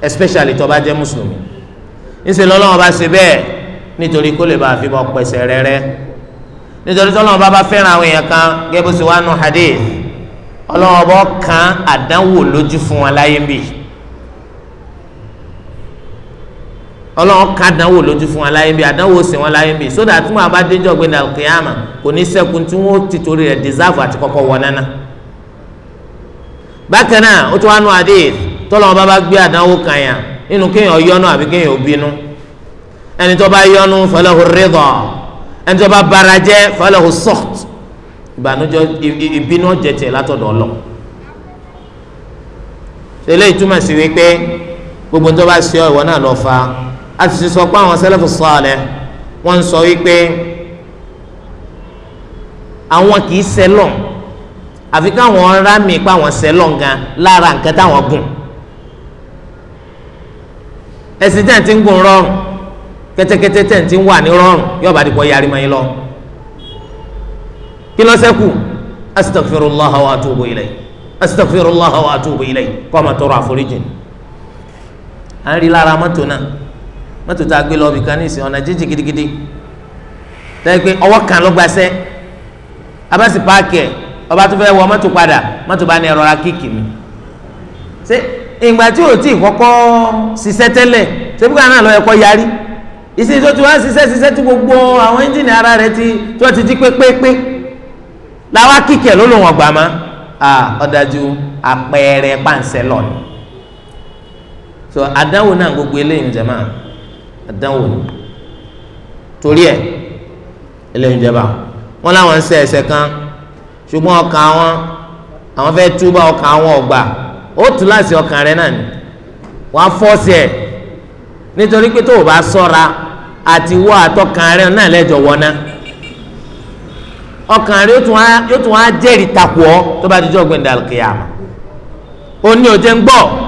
especially tó bá jẹ́ mùsùlùmí ńṣe lọ́lọ́run bá ṣe bẹ́ẹ̀ nítorí kó lè bá fi bọ́ pẹ̀sẹ̀ rẹ́rẹ́ nítorí tọ́lọ́run bá bá fẹ́ràn àwọn èèyàn kan gẹ́gẹ́ bó ṣe wá nù hadith ọlọ́run bọ́ kan àdánwò lójú fún wọn láyé bíi ọlọ́run ká dánwò lójú fún wọn láyé bí àdánwò sí wọn láyé bí sódà tí wọn bá déjọ́ gbé dàlùkìyàmà kò ní sẹ́kùn tí wọn ó ti torí rẹ̀ dìsáàfù àti kọ́kọ́ wọ nánà. bákan náà ó tún wá nu àdéhìí tọ́lọ́wọ́n bá bá gbé àdánwò kàyàn inú kéèyàn yọnu àbí kéèyàn bínú ẹni tó bá yọnu falahu ridha ẹni tó bá bara jẹ́ falahu sukhth ìbànújẹ́ ìbínú jẹtẹ látọ̀dọ̀ ọlọ ṣe eléyìí sí ọ ìwọ náà lọ fa a sì sọ pé àwọn sẹlẹfù sọọlẹ wọn ń sọ wípé àwọn kì í sẹlọ àfi káwọn rámì pé àwọn sẹlọ gan lára nǹkan táwọn gùn ẹsìn tí a ti ń gùn rọrùn kẹ́tẹ́kẹ́tẹ́ tẹ̀ ń ti wà ní rọrùn yóò bá di pọ̀ yarí mọ́ lọ kí ló ṣẹ́kù astaghfirullah wa atubu ilay astaghfirullah wa atubu ilay kọ́ ọ ma tọrọ àforíjì à ń rí lára mọ́tò náà mọ́tò tá a gbé lọ́ọ́ bìkan nísìnyí ọ̀nà jíjìn gidigidi lẹ́yìn pé ọwọ́ kan ló gbàṣẹ́ abẹ́sì páàkì wọ mọ́tò padà mọ́tò bá ní ẹ̀rọ ra kíkì mi ṣé ìgbà tí ò tí kọ́kọ́ ṣiṣẹ́ tẹ́lẹ̀ ṣé bí káwọn náà lọ́ọ́ ti wá ṣiṣẹ́ ṣiṣẹ́ gbogbo àwọn ẹ́ńjìnì ara rẹ̀ ti tó ti jí pépépé làwa kíkì ẹ̀ ló lò wọ́n gbà má pàǹsẹ̀ lọ́ọ̀ni so tori ni torí ẹ eléyìí jẹba wọn làwọn ń ṣe ẹ̀ṣẹ̀ kan ṣùgbọ́n ọka wọn àwọn fẹ́ẹ́ túbọ̀ ọkàn wọn ọgbà ó tún láti ọkàn rẹ náà ni wàá fọ́ọ̀sì ẹ̀ nítorí pé tó o bá sọ́ra àti wọ́ àtọkàn rẹ náà lẹ́jọ́ wọná ọkàn rẹ yóò tún á jeri takò ọ́ tó bá dijọ́ gbẹ̀ndàlùkìyàmù ó ní o ń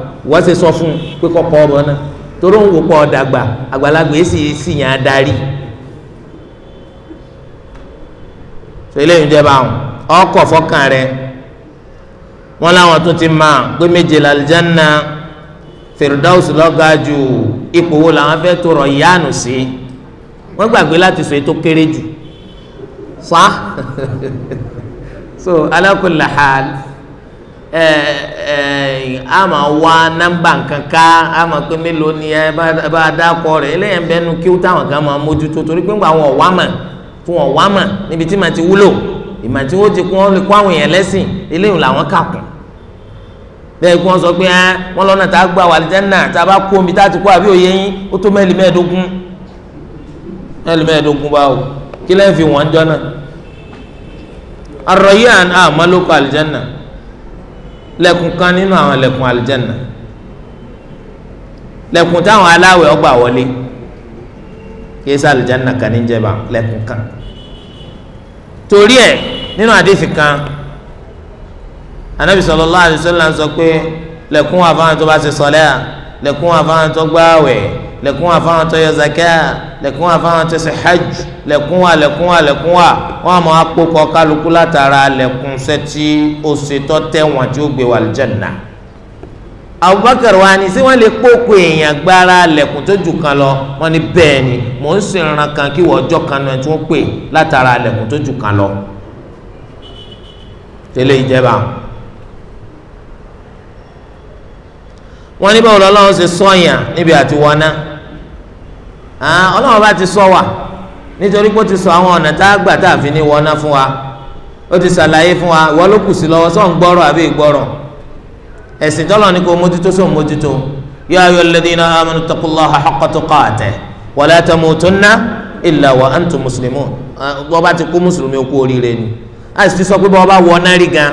wọ́n ṣe sọ fún un pé kọ́kọ́ ọmọ náà torí òun wò pọ̀ ọ̀dàgbà àgbàlagbà èsì sì yàn adarí eléyìí jẹba ọkọ̀ fọ́kàn rẹ wọn làwọn tún ti máa pé méje làlìjánná fèrèdáwùsì lọ́gà ju ipò wo làwọn fẹ́ tó rọ̀ yáànù sí wọ́n gbàgbé láti sọ ètò kéré jù sá so alákùnlé hàlì. Eh, eh, eh, a wa wá nọ́mbà nǹkan ká a máa ni ẹ bá dákọ rẹ̀ eléyìí bẹnu kí ó táwọn kan máa mójútó torí pé ń gba àwọn ọ̀wá fún ọ̀wá níbi tí ti wúlò ìmọ̀ tí wọ́n ti kún wọn lè kó àwọn èèyàn lẹ́sìn eléyìí làwọn kà kún bẹ́ẹ̀ kí wọ́n sọ pé ah, wọ́n lọ́nà tá a gbà wà lìjẹ́nà tá a bá kó omi tá a ti kó àbí òye yín ó tó mẹ́lì mẹ́ẹ̀ẹ́dógún mẹ́lì mẹ́ẹ̀ẹ́dógún lẹ̀kùn kan nínú àwọn lẹ̀kùn alìjẹ́nà lẹ̀kùn táwọn aláwẹ̀ ọgbà wọlé kìí sá alìjẹ́nà kan níjẹba lẹ̀kùn kan torí ẹ̀ nínú àdìsí kan anabi sallallahu alaihi wasallam sọ pé lẹ̀kùn wà fáwọn tó bá ṣe sọlẹ́ à lẹ̀kún wà fáwọn tó gbààwẹ̀ lẹ̀kún wà fáwọn tó yọ zakat lẹ̀kún wà fáwọn tó ṣe hajj lẹ̀kún wà lẹ̀kún wà lẹ̀kún wà wọn àmọ́ akpọkọ kálukú látara lẹ̀kún sẹtí òṣètọ tẹwọn tí ó gbé wà lìjẹnà Abubakar wa ni sí wọn lè kpọkọ èèyàn gbára lẹ̀kún tó jù kan lọ wọn ni bẹ́ẹ̀ ni mò ń sèrànà kan kí wọn ọjọ́ kan náà tí wọn pè látara lẹ̀kún tó jù kan lọ tẹ́lẹ̀ ìjẹba. wọn ní báwo lọ́lọ́run ṣe sọ̀yàn níbi àti wọná ọlọ́run bá ti sọ wà nítorí pé ó ti sọ àwọn ọ̀nà tá a gbà tá a fi ní wọná fún wa ó ti ṣàlàyé fún wa ìwọ ló kù sí lọ́wọ́ sọ̀ ń gbọ́rọ̀ àbí ìgbọ́rọ̀ ẹ̀sìn tọ́lọ̀ ni kò mójútó sọ̀ mójútó yā ayyuhalladhīna āmanū ittaqullāha haqqa tuqātihi wa lā tamūtunna illā wa antum muslimūn bọ́ bá ti kú mùsùlùmí ó oríire ni a sì ti sọ pé bọ́ bá wọ náà gan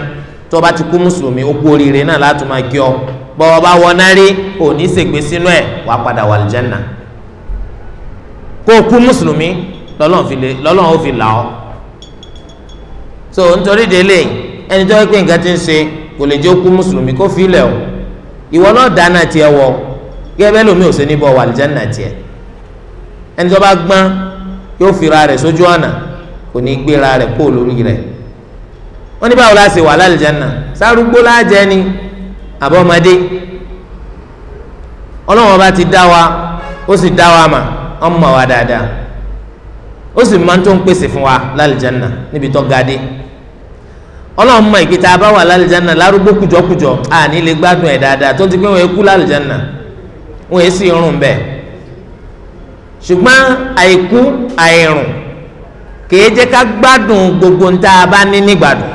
tó bá ti kú mùsùlùmí ó oríire náà láti máa bọ́wọ́ bá wọ náà rí òní ṣègbè sínú ẹ̀ wà padà wà lìjẹ́nà kó o kú mùsùlùmí lọ́lọ́run ó fi là ọ́ so nítorí délé ẹni tó pé nǹkan ti ń ṣe kò lè jẹ́ kú mùsùlùmí kó fi ilẹ̀ o ìwọ náà dáná tiẹ̀ wọ gẹ́gẹ́ bẹ́ẹ̀ lómi ò ṣe ní bọ́ wà lìjẹ́nà tiẹ̀ ẹni tó bá gbọ́n yóò fira rẹ̀ sójú ọ̀nà kò ní gbéra rẹ̀ kó lórí rẹ̀ wọ́n ní báwo la ṣe wà lálìjẹ́nà sárúgbó lájẹ́ ni àbọ̀mọdé ọlọ́run ọba ti dá wa ó sì dá wa mà ọmọ wa dáadáa ó sì máa ń tó ń pèsè fún wa lálìjánà níbi tó ga dé ọlọ́run mọ ìkìtà bá wà lálìjánà lárúgbó kùjọkùjọ àní lè gbádùn ẹ̀ dáadáa tó ti pé wọ́n kú lálìjánà wọ́n èsì irun bẹ́ẹ̀ ṣùgbọ́n àìkú àìrùn kìí jẹ́ ká gbádùn gbogbo ń tá a bá ní nígbàdùn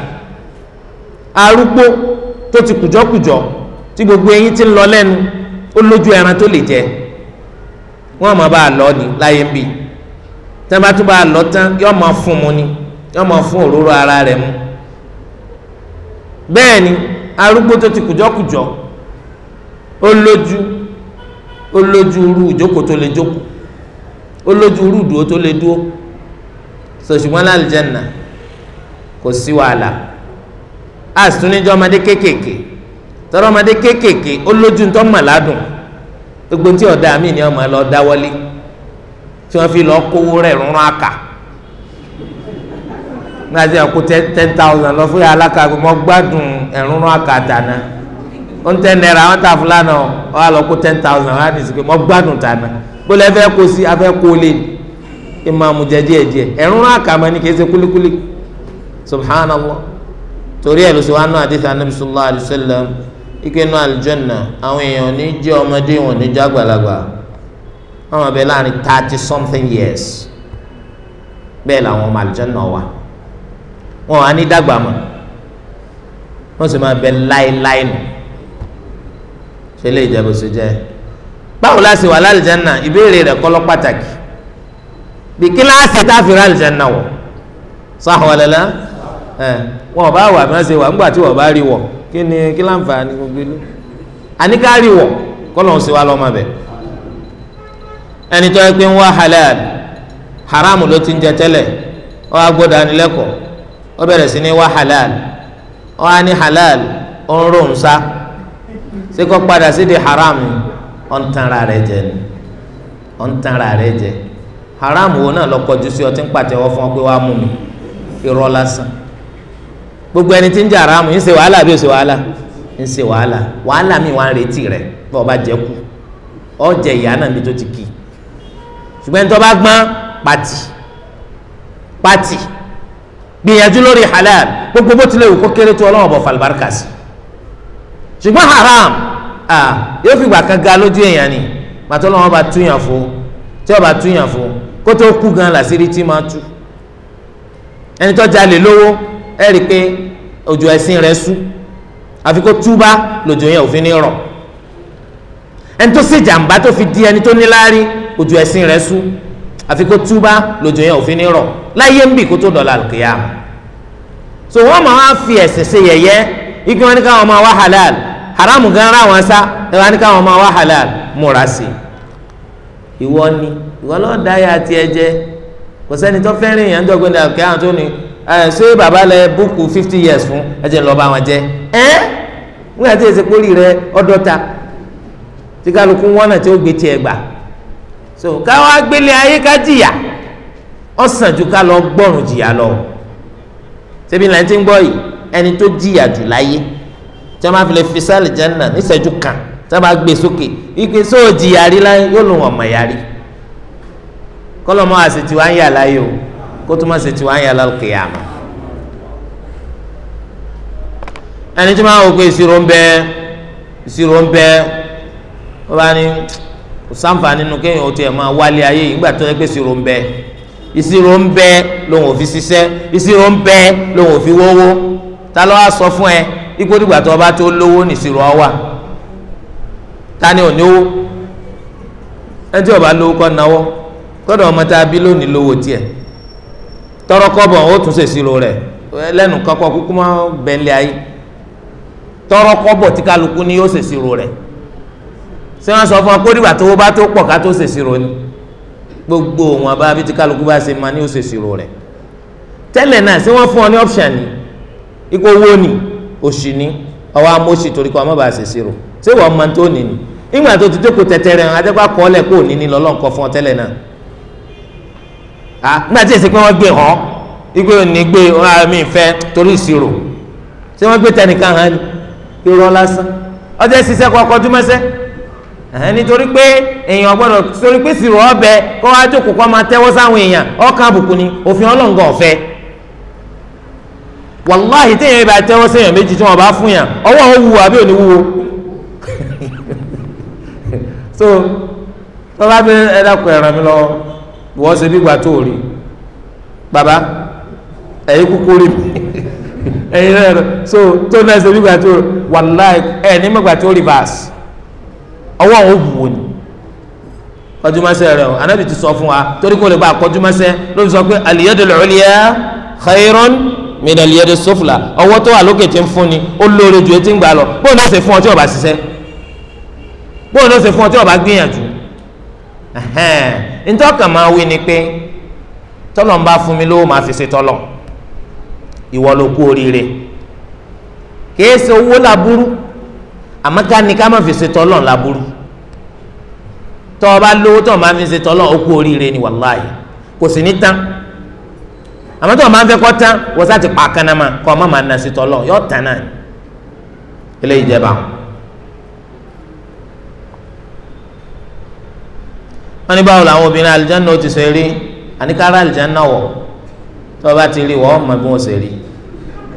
arúgbó tó ti kùjọ́kùjọ́ tí gbogbo eyín ti ń lọ lẹ́nu ó lójú ẹran tó lè jẹ wọn àmọ́ bá a lọ ni láyé ń bì tẹ́ bá tún bá a lọ tán yọ máa fún mu ni yọ máa fún òróró ara rẹ̀ mu bẹ́ẹ̀ ni arúgbó tó ti kùjọ́kùjọ́ ó lójú ó lójú irú ìjókòó tó lè jókòó ó lójú irú ìdúró tó lè dúró sòṣùgbọ́n lálẹ́ nà kò sí wàhálà. àsùnìjọ ọmọdé kéékèèké tọrọ ọmọdé kéékèèké ó lójú ntọ́ gbogbo tí ọ̀dà mi ni ọmọ lọ dáwọ́lé tí wọ́n fi lọ kówó rẹ̀ rún àkà nígbà ten thousand lọ fún alaka mọ gbádùn ẹ̀rún rún dana ten thousand wọn pé gbádùn kó kó lé torí ẹ̀ ló sọ wá nù àdìsí anabi sallallahu alayhi wa sallam ike nù aljanna àwọn èèyàn ní jẹ́ ọmọdé wọn ní jẹ́ àgbàlagbà àwọn ọbẹ̀ láàrin thirty something years bẹ́ẹ̀ làwọn ọmọ aljanna wà wọn wà ní dàgbà mọ́ wọ́n sì máa bẹ láéláé nù ṣe lè jẹ́ bó ṣe jẹ́ báwo la ṣe wà lálìjánná ìbéèrè rẹ̀ kọ́ ló pàtàkì bí kíláàsì tá a fi rálìjánná wọ̀ sáà wà lẹ́la ẹ̀. wọn bá wà má ṣe wà ńgbà tí wọn bá rí wọ kí ni kí láǹfààní gbogbo ilé àníká rí wọ kọlọ̀ ń ṣe wá lọ́mọ bẹ̀. ẹni tó pé ń wá halal haram ló ti ń jẹ tẹ́lẹ̀ ó wá gbọ́dọ̀ anilẹ́kọ̀ọ́ ó bẹ̀rẹ̀ sí wá halal ọ wá ní halal ọ ń sá ṣé padà sí haram ọ ń tanra jẹ haram wo náà lọ ọ tí ń pàtẹ́wọ́ fún ọ pé wàá mú mi gbogbo ẹni tí ń jẹ haramu ń ṣe wàhálà àbí ò ṣe wàhálà ń ṣe wàhálà wàhálà mi wà ń retí rẹ bí ọba jẹ kú ọ jẹ ìyá náà níbi tó ti kì í ṣùgbọ́n ẹni tó bá gbọ́n pati pati gbìyànjú lórí halal gbogbo bó tilẹ̀ wù kó kéré tó ọlọ́wọ́ bọ̀ falibarika sí ṣùgbọ́n haram ah yóò fi gbà kan ga lójú èèyàn ni pàtó lọ́wọ́ bá túyàn fún tí ọba túyàn fún kó kú gan làṣírí tí máa tú ẹni tó jalè lówó ẹ rí i pé òjò ẹ̀sìn rẹ̀ sú àfi kó túbá lòjò yẹn òfin ní rọ̀ ẹni tó ṣe jàǹbá tó fi di ẹni tó níláárí òjò ẹ̀sìn rẹ̀ sú àfi kó túbá lòjò yẹn òfin ní rọ̀ láyé ń bì kó tó dọ̀la kìyà so wọ́n máa wá fi ẹ̀sìn ṣe yẹ̀yẹ́ igi wọn ni káwọn máa wá halal haramu gan ra wọn sá ẹ wọn ni káwọn máa wá halal múra sí ìwọ ni ìwọ lọ́ọ́ dáyà tiẹ̀ jẹ kò sẹ́ni tó fẹ́ràn èèyàn jọ gbẹ́ndà kí tó ní ẹ ṣé Baba, lẹ búkú fifty years fún ẹ jẹ́ lọ́ọ́ bá wọn jẹ́ ẹ́ wọ́n yà tí èsì pólì rẹ ọ̀dọ́ta tí kálukú wọn náà tí ó gbé tiẹ̀ gbà so káwá gbélé ayé ká jìyà ọ̀sán ju ká lọ gbọ́rùn jìyà lọ ṣebí là ń ti ń gbọ́ yìí ẹni tó jìyà jù láyé tí wọ́n máa fi lè fi sáàlì jẹ́nà níṣẹ́jú kan tí wọ́n máa gbé sókè ike sóò jìyà rí láyé yóò lò wọ́n mọ̀ yà rí kọ́lọ́mọ́ àṣetì wá ń yà láyé o. kó tó má ṣe tiwa yẹn lọ kìyàmà ẹni tí wọn á wò pé ń bẹ ìṣirò ń bẹ wọn bá ní kò nínú kéèyàn máa wálé ayé yìí nígbà tó ń bẹ ń bẹ lòun ò ta ló wá sọ fún ẹ ipò dìgbà tó o tó lówó ọ wà ta ni ò ní owó ẹni tí o lówó kọ́ náwó kọ́dọ̀ ọmọ tá a tọrọ kọ́bọ̀ ó tún ṣe ìṣirò rẹ̀ lẹ́nu kankan kúkú mọ́ bẹ́ńlẹ̀ ayé tọrọ kọ́bọ̀ tí kálukú ni yóò ṣe ìṣirò rẹ̀ ṣé wọ́n sọ fún ọ pé nígbà tó bá tó pọ̀ ká tó ṣe ìṣirò ni gbogbo òun àbá bí tí kálukú bá ṣe máa ní ó ṣe ìṣirò rẹ̀ tẹ́lẹ̀ náà ṣé fún ọ ní option ni ikú owó ni òṣì ni ọwọ́ amóṣì torí kọ́ ọmọ bá ṣe ìṣirò ṣé wọ́n ni ìgbà tó ti dẹ́kun tẹ́tẹ́rẹ́ hàn adẹ́kun akọ́ọ́lẹ̀ kó ní ní lọ́lọ́ǹkọ́ fún ọ náà ah nígbà tí èsì pé wọ́n gbé hàn igbe òní gbé mi fẹ́ torí ìṣirò ṣé wọ́n gbé tẹnìkan hàn ni irọ́ lásán ọjọ́ ìṣiṣẹ́ kọkọ ọkọ̀ dúmọ́sẹ́ nítorí pé èèyàn torí pé ìṣirò ọbẹ kó jókòó kó máa sáwọn èèyàn ọkàn àbùkù ni òfin ọlọ́ngàn ọ̀fẹ́ wàláhì téèyàn bá tẹ́wọ́ séèyàn méjì tí wọ́n bá fún yàn ọwọ́ ò àbí òní wúwo so tọ́lá bí ẹ dákun ẹ̀ràn mi lọ́wọ́. wọ́n ṣe bígbà tó rí Baba. ẹ̀yin kúkú rí mi ẹ̀yin náà so tó náà ṣe bígbà tó rí wàláì ẹ̀ ní mọ̀gbà tó reverse ọwọ́ àwọn òbù wò ni kọjúmọ́sẹ́ rẹ̀ o anábì ti sọ fún wa torí kò lè bá kọjúmọ́sẹ́ ló fi sọ pé al-yadul ulya khayrun min al-yadis sufla ọwọ́ tó wà lókè tí ń fún ni ó lóore ju etí ń gbà lọ bóun náà ṣe fún ọ tí o bá bóun náà ṣe fún ọ tí o gbìyànjú ntọ́kàn máa wí ni pé tọ́lọ̀ ń bá fún mi lówó máa fi ṣe tọ́lọ̀ ìwọ ló kú oríire kìí ṣe owó laburu àmọ́ ká ní ká má fi ṣe tọ́lọ̀ laburu tọ́ ọ bá lówó tọ́ ọ máa fi ṣe tọ́lọ̀ ó kú oríire ni wàláyé kò sì ní tán àmọ́ tọ́ ọ máa fẹ́ kọ́ tán wọ́n sá ti pa akánná ma kọ́ ọ má máa nà sí tọ́lọ̀ yọ tán náà ilé ìjẹba wọ́n ní báwo làwọn obìnrin alìjáná ó ti ṣe rí àníkárá alìjáná wọ̀ tí wọ́n bá ti rí wọ́n mọ bí wọ́n ṣe rí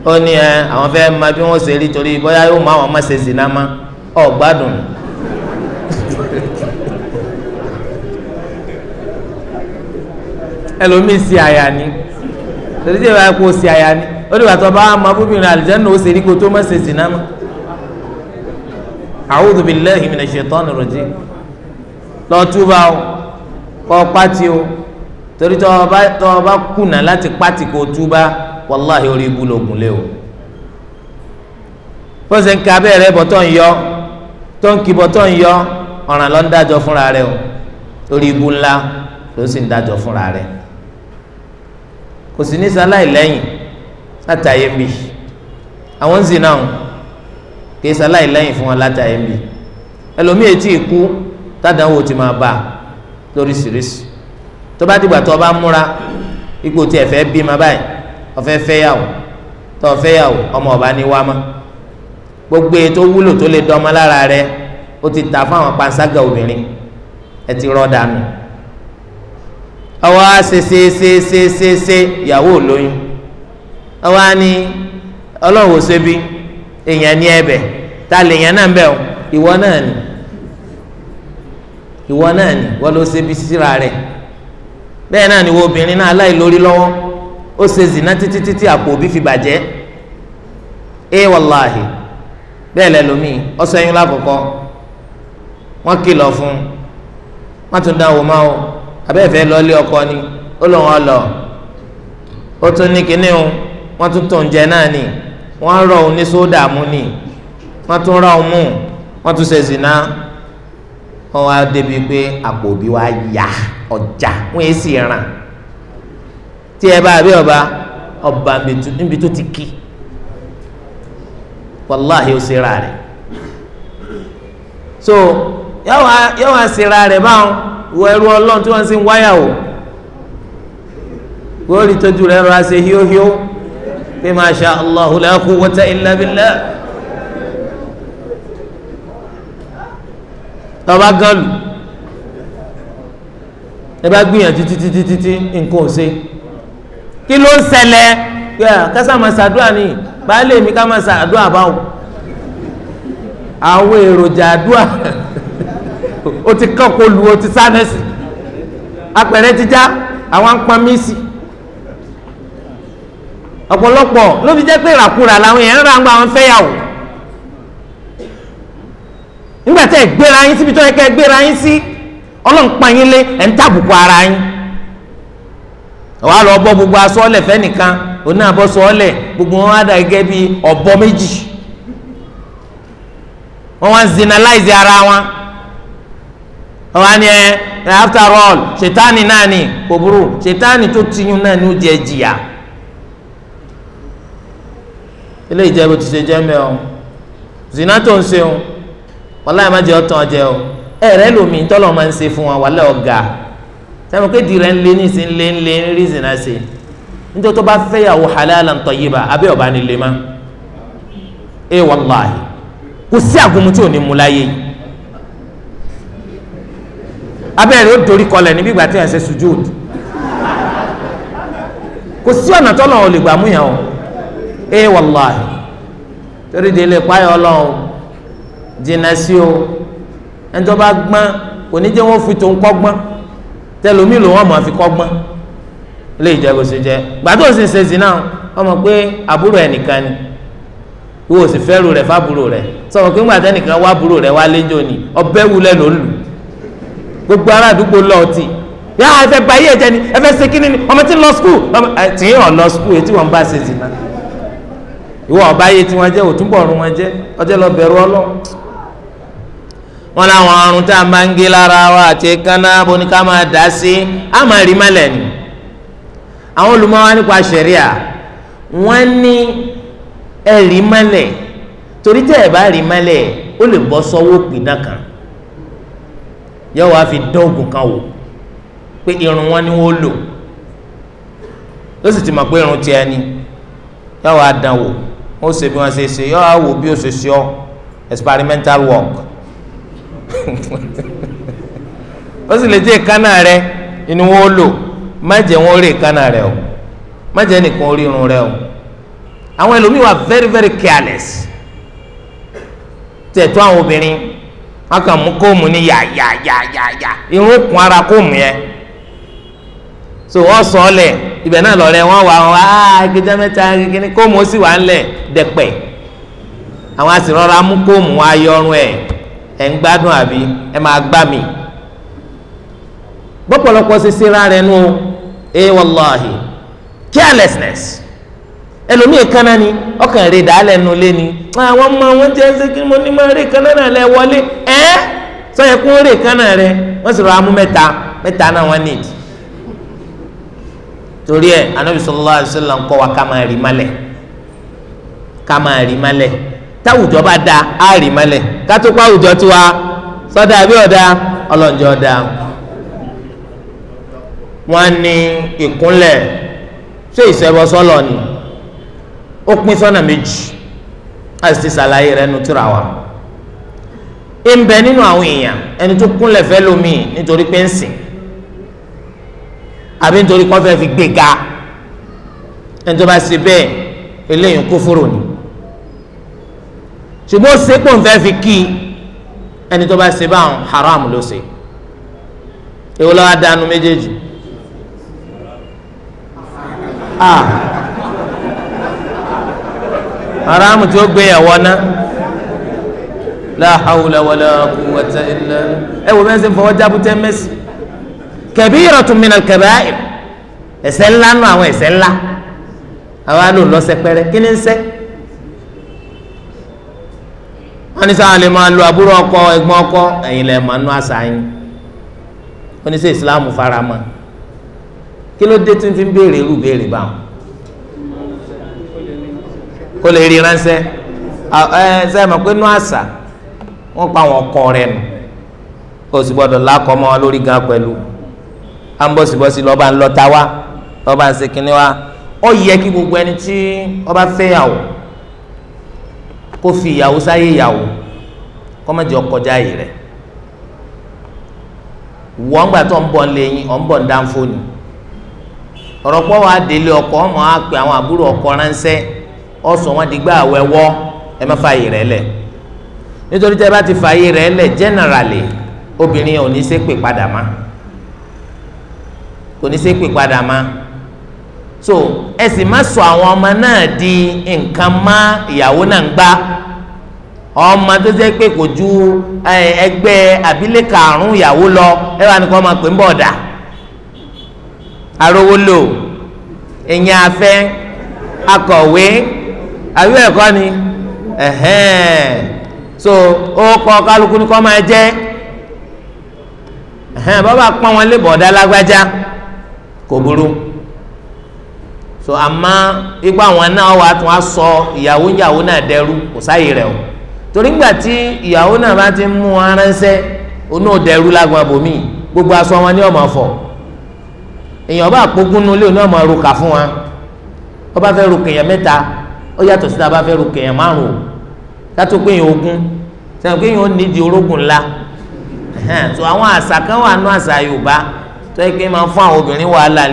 ó ní ẹ àwọn fẹ́ mọ bí wọ́n ṣe rí torí bóyá yóò mọ àwọn ọmọ ṣe zìnnà má ọ gbádùn. ẹlòmíì sí àyà ni torí tí ìwà kò sí àyà ni ó dìgbà tó bá mọ bóbìnrin alìjáná ó ṣe rí kó tó mọ ṣe zìnnà má. A'udhu billahi minash shaitani rajim lọ́ọ́ túbà ó kọ́ pátì o torí tọ́ ọba tọ́ ọba kùnà láti pátì kò túbá wàláhì orí ibú lògùn lé o bó ṣe ń ka abẹ́rẹ́ bọ́tọ̀ ń yọ tó ń kí bọ́tọ̀ ń yọ ọ̀ràn ló ń dájọ́ fúnra rẹ o orí ibú ńlá ló sì ń dájọ́ fúnra rẹ kò sì ní sáláì lẹ́yìn látàyè mi àwọn ń sìn náà kì í sáláì lẹ́yìn fún wọn látàyè mi ẹlòmíì etí ikú tádàáwò ti máa bá a lóríṣiríṣi tó bá dìgbà tó o bá múra ipò tí ẹ fẹ́ bímọ báyìí ọ̀fẹ́ fẹ́yàwó tó fẹ́yàwó ọmọ ọba ní wá mọ́ gbogbo ètò wúlò tó lè dọ́mọ lára rẹ ó ti tà fáwọn panṣágà obìnrin ẹ ti rọ́ dànù ọwọ́ á ṣe ṣe ṣe ṣe ṣe ṣe ìyàwó lóyún ọwọ́ á ní ọlọ́run ò ṣe bí èèyàn ní ẹ̀bẹ̀ ta lèèyàn náà bẹ̀ o ìwọ náà ni. ìwọ náà ni wọ́n bí síra rẹ̀ bẹ́ẹ̀ náà ni wo obìnrin náà lọ́wọ́ ó ṣe zina títí títí àpò òbí fi bàjẹ́ ẹ wàláhì bẹ́ẹ̀ lẹ́lòmíì ọ̀sẹ̀ yín lákòókò wọ́n fún un tún máa lọ́ọ́lé ọkọ ni ó lọ́wọ́ lọ ó tún ní wọn wá débi pé àpò òbí wa yá ọjà wọn èé sì ràn tí ẹ bá àbí ọba ọba níbi tó ti kí wàláhi ó ṣera rẹ̀ so yóò wá ṣera rẹ̀ báwọn wọ ẹrú ọlọ́run tí wọ́n sì ń wáyà o wọ́n rí tọ́jú rẹ̀ rọra ṣe híóhíó pé masha Allahu la quwwata illa billah. tọba gánlù ẹ bá gbìyànjú títí títí tí nǹkan ò ṣe kí ló ń ṣẹlẹ̀ pé kásá máa ṣàdúrà ni baálé mi ká máa ṣàdúrà báwo àwọn èròjà àdúrà o ti kọ́kọ́ lu o ti sánẹ́sì apẹ̀rẹ̀ ti já àwọn apamísì ọ̀pọ̀lọpọ̀ ló fi jẹ́ pé ìràkúrà làwọn èèyàn ń ra àwọn fẹ́yàwó. nígbà tẹ́ ẹ gbéra yín síbi tó yẹ kẹ́ ẹ gbéra yín sí ọlọ́run pa yín lé lọ bọ gbogbo aṣọ ọ̀lẹ̀ nìkan oní àbọ̀sọ ọ̀lẹ̀ gbogbo wọn méjì wọn wá ń zinalize ara wọn wọn ni ẹ after all ṣètánì náà ni kò burú ṣètánì tó tiyún náà ni ó jẹ jìyà ilé ìjẹ́bù ti ṣe jẹ́ mẹ́ o zina wàláyà má jẹ ọtàn ọjẹ o ẹrẹ lomi tọlọ máa ń ṣe fún wa wàlẹ ọgà sẹmu kéde rẹ ń lé ní sí ń lé ń lé ń rí zina sí nítorí tó bá fẹ́yàwó halalan tayyiba abẹ́ ọba ni lè má ẹ wàláyì kò sí àgùnmu tí ò ní mu láyé abẹ́ rẹ ó dorí kọlẹ̀ níbi ìgbà tí wọ́n ṣe sujud kò sí ọ̀nà tọ́lọ̀ ò lè gbà mú yàn o ẹ wàláyì torí délé páyọ̀ ọlọ́run jìnnà sí o ẹni tó bá gbọ́n kò ní jẹ́ wọ́n fi tó ń kọ́gbọ́n tẹlomi ló wọ́n máa fi kọ́gbọ́n lè jẹ́ kó ṣe jẹ́ gbàtọ́ sì ṣe zina wọ́n mọ̀ pé àbúrò ẹnìkan ni wọ́n ò sì fẹ́rù rẹ̀ fábúrò rẹ̀ sọ̀rọ̀ pé ńgbà tẹ́nìkan wá àbúrò rẹ̀ wá léjò ni ọbẹ̀ wulẹ̀ ló lù gbogbo ará àdúgbò lọ ọtí yà á fẹ́ báyé ẹ̀jẹ̀ ni ẹ fẹ́ ṣe kí ni ọmọ tí ń lọ skul tí ń lọ skul etí wọn bá ṣe zina ìwọ ọ̀báyé tí wọ́n jẹ́ òtúbọ̀rún wọn jẹ́ ọjọ́ lọ bẹ̀rù ọlọ́run wọn làwọn ọrùn tá a máa ń gé lára wa àti kaná boníká máa dá sí a máa rí mọ́lẹ̀ ni àwọn olùmọ̀wá nípa ṣẹ̀ríà wọ́n ní ẹ̀rí mọ́lẹ̀ torí tẹ́ ẹ̀ bá rí mọ́lẹ̀ ó lè bọ́ sọ́wọ́ pìdá kan yóò wá fi dọ́ọ̀gùn kan wò pé irun wọn ni wọ́n lò ó sì ti mọ̀ pé irun tiẹ̀ ni yóò wá dán wò ó ṣe bí wọ́n ṣe ṣe yóò wá wò bí ó ṣe ṣe ọ́ experimental work ó sì lè jẹ́ ìkánná rẹ inú wọn ó lò má jẹ́ wọn ó ìkánná rẹ o má jẹ́ nìkan orí irun rẹ o àwọn ẹlòmíì wà very very careless tẹ̀tọ́ àwọn obìnrin wọn kàn mú kóòmù ní yà irun ó ara kóòmù yẹn so sọ náà wọn wà wọn kíkíní ah, kóòmù ó sì wà ń ẹ̀ ń gbádùn àbí ẹ máa gbá mi gbọ́pọ̀lọpọ̀ sisi ṣe rárẹ̀ nù ẹ wàláhì carelessness ẹlòmíì kaná ni ọkàn rè dálẹ̀ nù lé ni àwọn ọmọ wọn jẹ́ ṣe kí mo ní máa rè kaná náà lẹ wọlé ẹ sọyẹ kó rè kaná rẹ wọ́n sì rọ amú mẹ́ta mẹ́ta náà wọ́n nìdí torí ẹ anabi sallallahu alaihi wasallam ń wa ká máa rí ká máa rí táwùjọ bá da àárín mọ́lẹ̀ kátópá àwùjọ tiwa sọ́dà àbí ọ̀dà ọlọ́njọ́ ọ̀dà wọn ní ìkúnlẹ̀ ṣé ìṣẹ́bọsọ́lọ̀ ni ó pín sọ́nà méjì láti ti ṣàlàyé rẹ̀ nu túra wa ń bẹ nínú àwọn èèyàn ẹni tó kúnlẹ̀ fẹ́ lómi nítorí pé ń sìn àbí nítorí kọ́ fẹ́ fi gbéga ẹni tó bá ṣe bẹ́ẹ̀ eléyìí kúfúrò ni ṣùgbọ́n ó sepò ń fẹ́ fi kí ẹni tó bá ṣe báwọn haram ló ṣe èwo lọ́wọ́ dánú méjèèjì ah haram tí ó gbé ẹ̀wọ́ náà la hawla wala quwwata illa ẹ wo mẹsẹ fọwọ́ jábútẹ́ mẹsì kabiratun minal kaba'ir ẹ̀ṣẹ̀ ńlá nù àwọn ẹ̀ṣẹ̀ ńlá àwa ló lọ sẹpẹrẹ kí ni ń ṣe wọ́n ní sáà lè máa lo àbúrò ọkọ ẹ̀gbọ́n ọkọ ẹ̀yin lẹ máa nú àṣà yín wọ́n ní sẹ ìsìláàmù faramọ́ kí ló dé tí n fi ń béèrè irú béèrè báwọn kó lè rí ránṣẹ́ ẹ ṣe é mọ̀ pé nú àṣà wọ́n pa àwọn ọkọ rẹ̀ nù kó o sì gbọ́dọ̀ lákọ ọmọ wa lórí gan pẹ̀lú à ń bọ̀sibọ̀si lọ́ba ń lọ́ta wá lọ́ba ń ṣe kínní wá ó yẹ kí gbogbo ẹni tí ọba fẹ́ yàwó kó fi ìyàwó sáyé ìyàwó kọ́mọ̀jì ọkọjá yìí rẹ̀ wọ́n gbà tó ń bọ̀ lẹ́yìn ọ̀ ń bọ̀ ń ọkọ ọmọ á pe àwọn àbúrò ọkọ ránṣẹ́ ọ̀sùn wọn di gbá àwẹ̀wọ́ ẹ má fa lẹ̀ nítorí tẹ́ bá ti fa yìí lẹ̀ generally obìnrin so ẹ sì má sọ àwọn ọmọ náà di nǹkan ọmọ tó jẹ́ pé kò ju ẹgbẹ́ abilé karùn-ún ìyàwó lọ ẹ wà ní máa pè ń bọ̀ dà arówó lò ìyẹn afẹ́ akọ̀wé àbí ẹ̀kọ́ ni so ó kọ́ kálukú ni kó máa jẹ́ bàbá pọ́n wọn lè bọ̀dá lágbájá kò burú so àmọ́ àwọn náà wà tún á sọ ìyàwó ìyàwó náà o. Torígbàtí ìyàwó náà bá ti ń mú wọn ránṣẹ́ onú lágbọn abòmí gbogbo aṣọ wọn ni ọmọ fọ èèyàn bá àpógúnú oní ọmọ ruka fún wa ó bá ruka èèyàn mẹ́ta ó yàtọ̀ sí bá fẹ́ ruka èèyàn márùn-ún pé èèyàn ogún sẹ́wọ̀n pé èèyàn ó nídìí orógùn ńlá tó àwọn àṣà kan wà nú àṣà Yorùbá tó yẹ kí n máa fún àwọn obìnrin wàhálà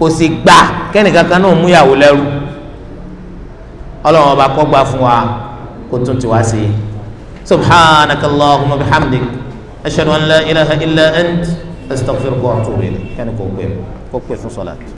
kò sì gbà kẹ́nìkan kan náà mú ìyàwó lẹ́rú ọlọ́run ọba kó gbà fún wa kó tún tiwa sí i subhanakallahumma bihamdik ashhadu an la ilaha illa ant astaghfiruka wa atubu ilayk kò pè fún sọ́láàtì.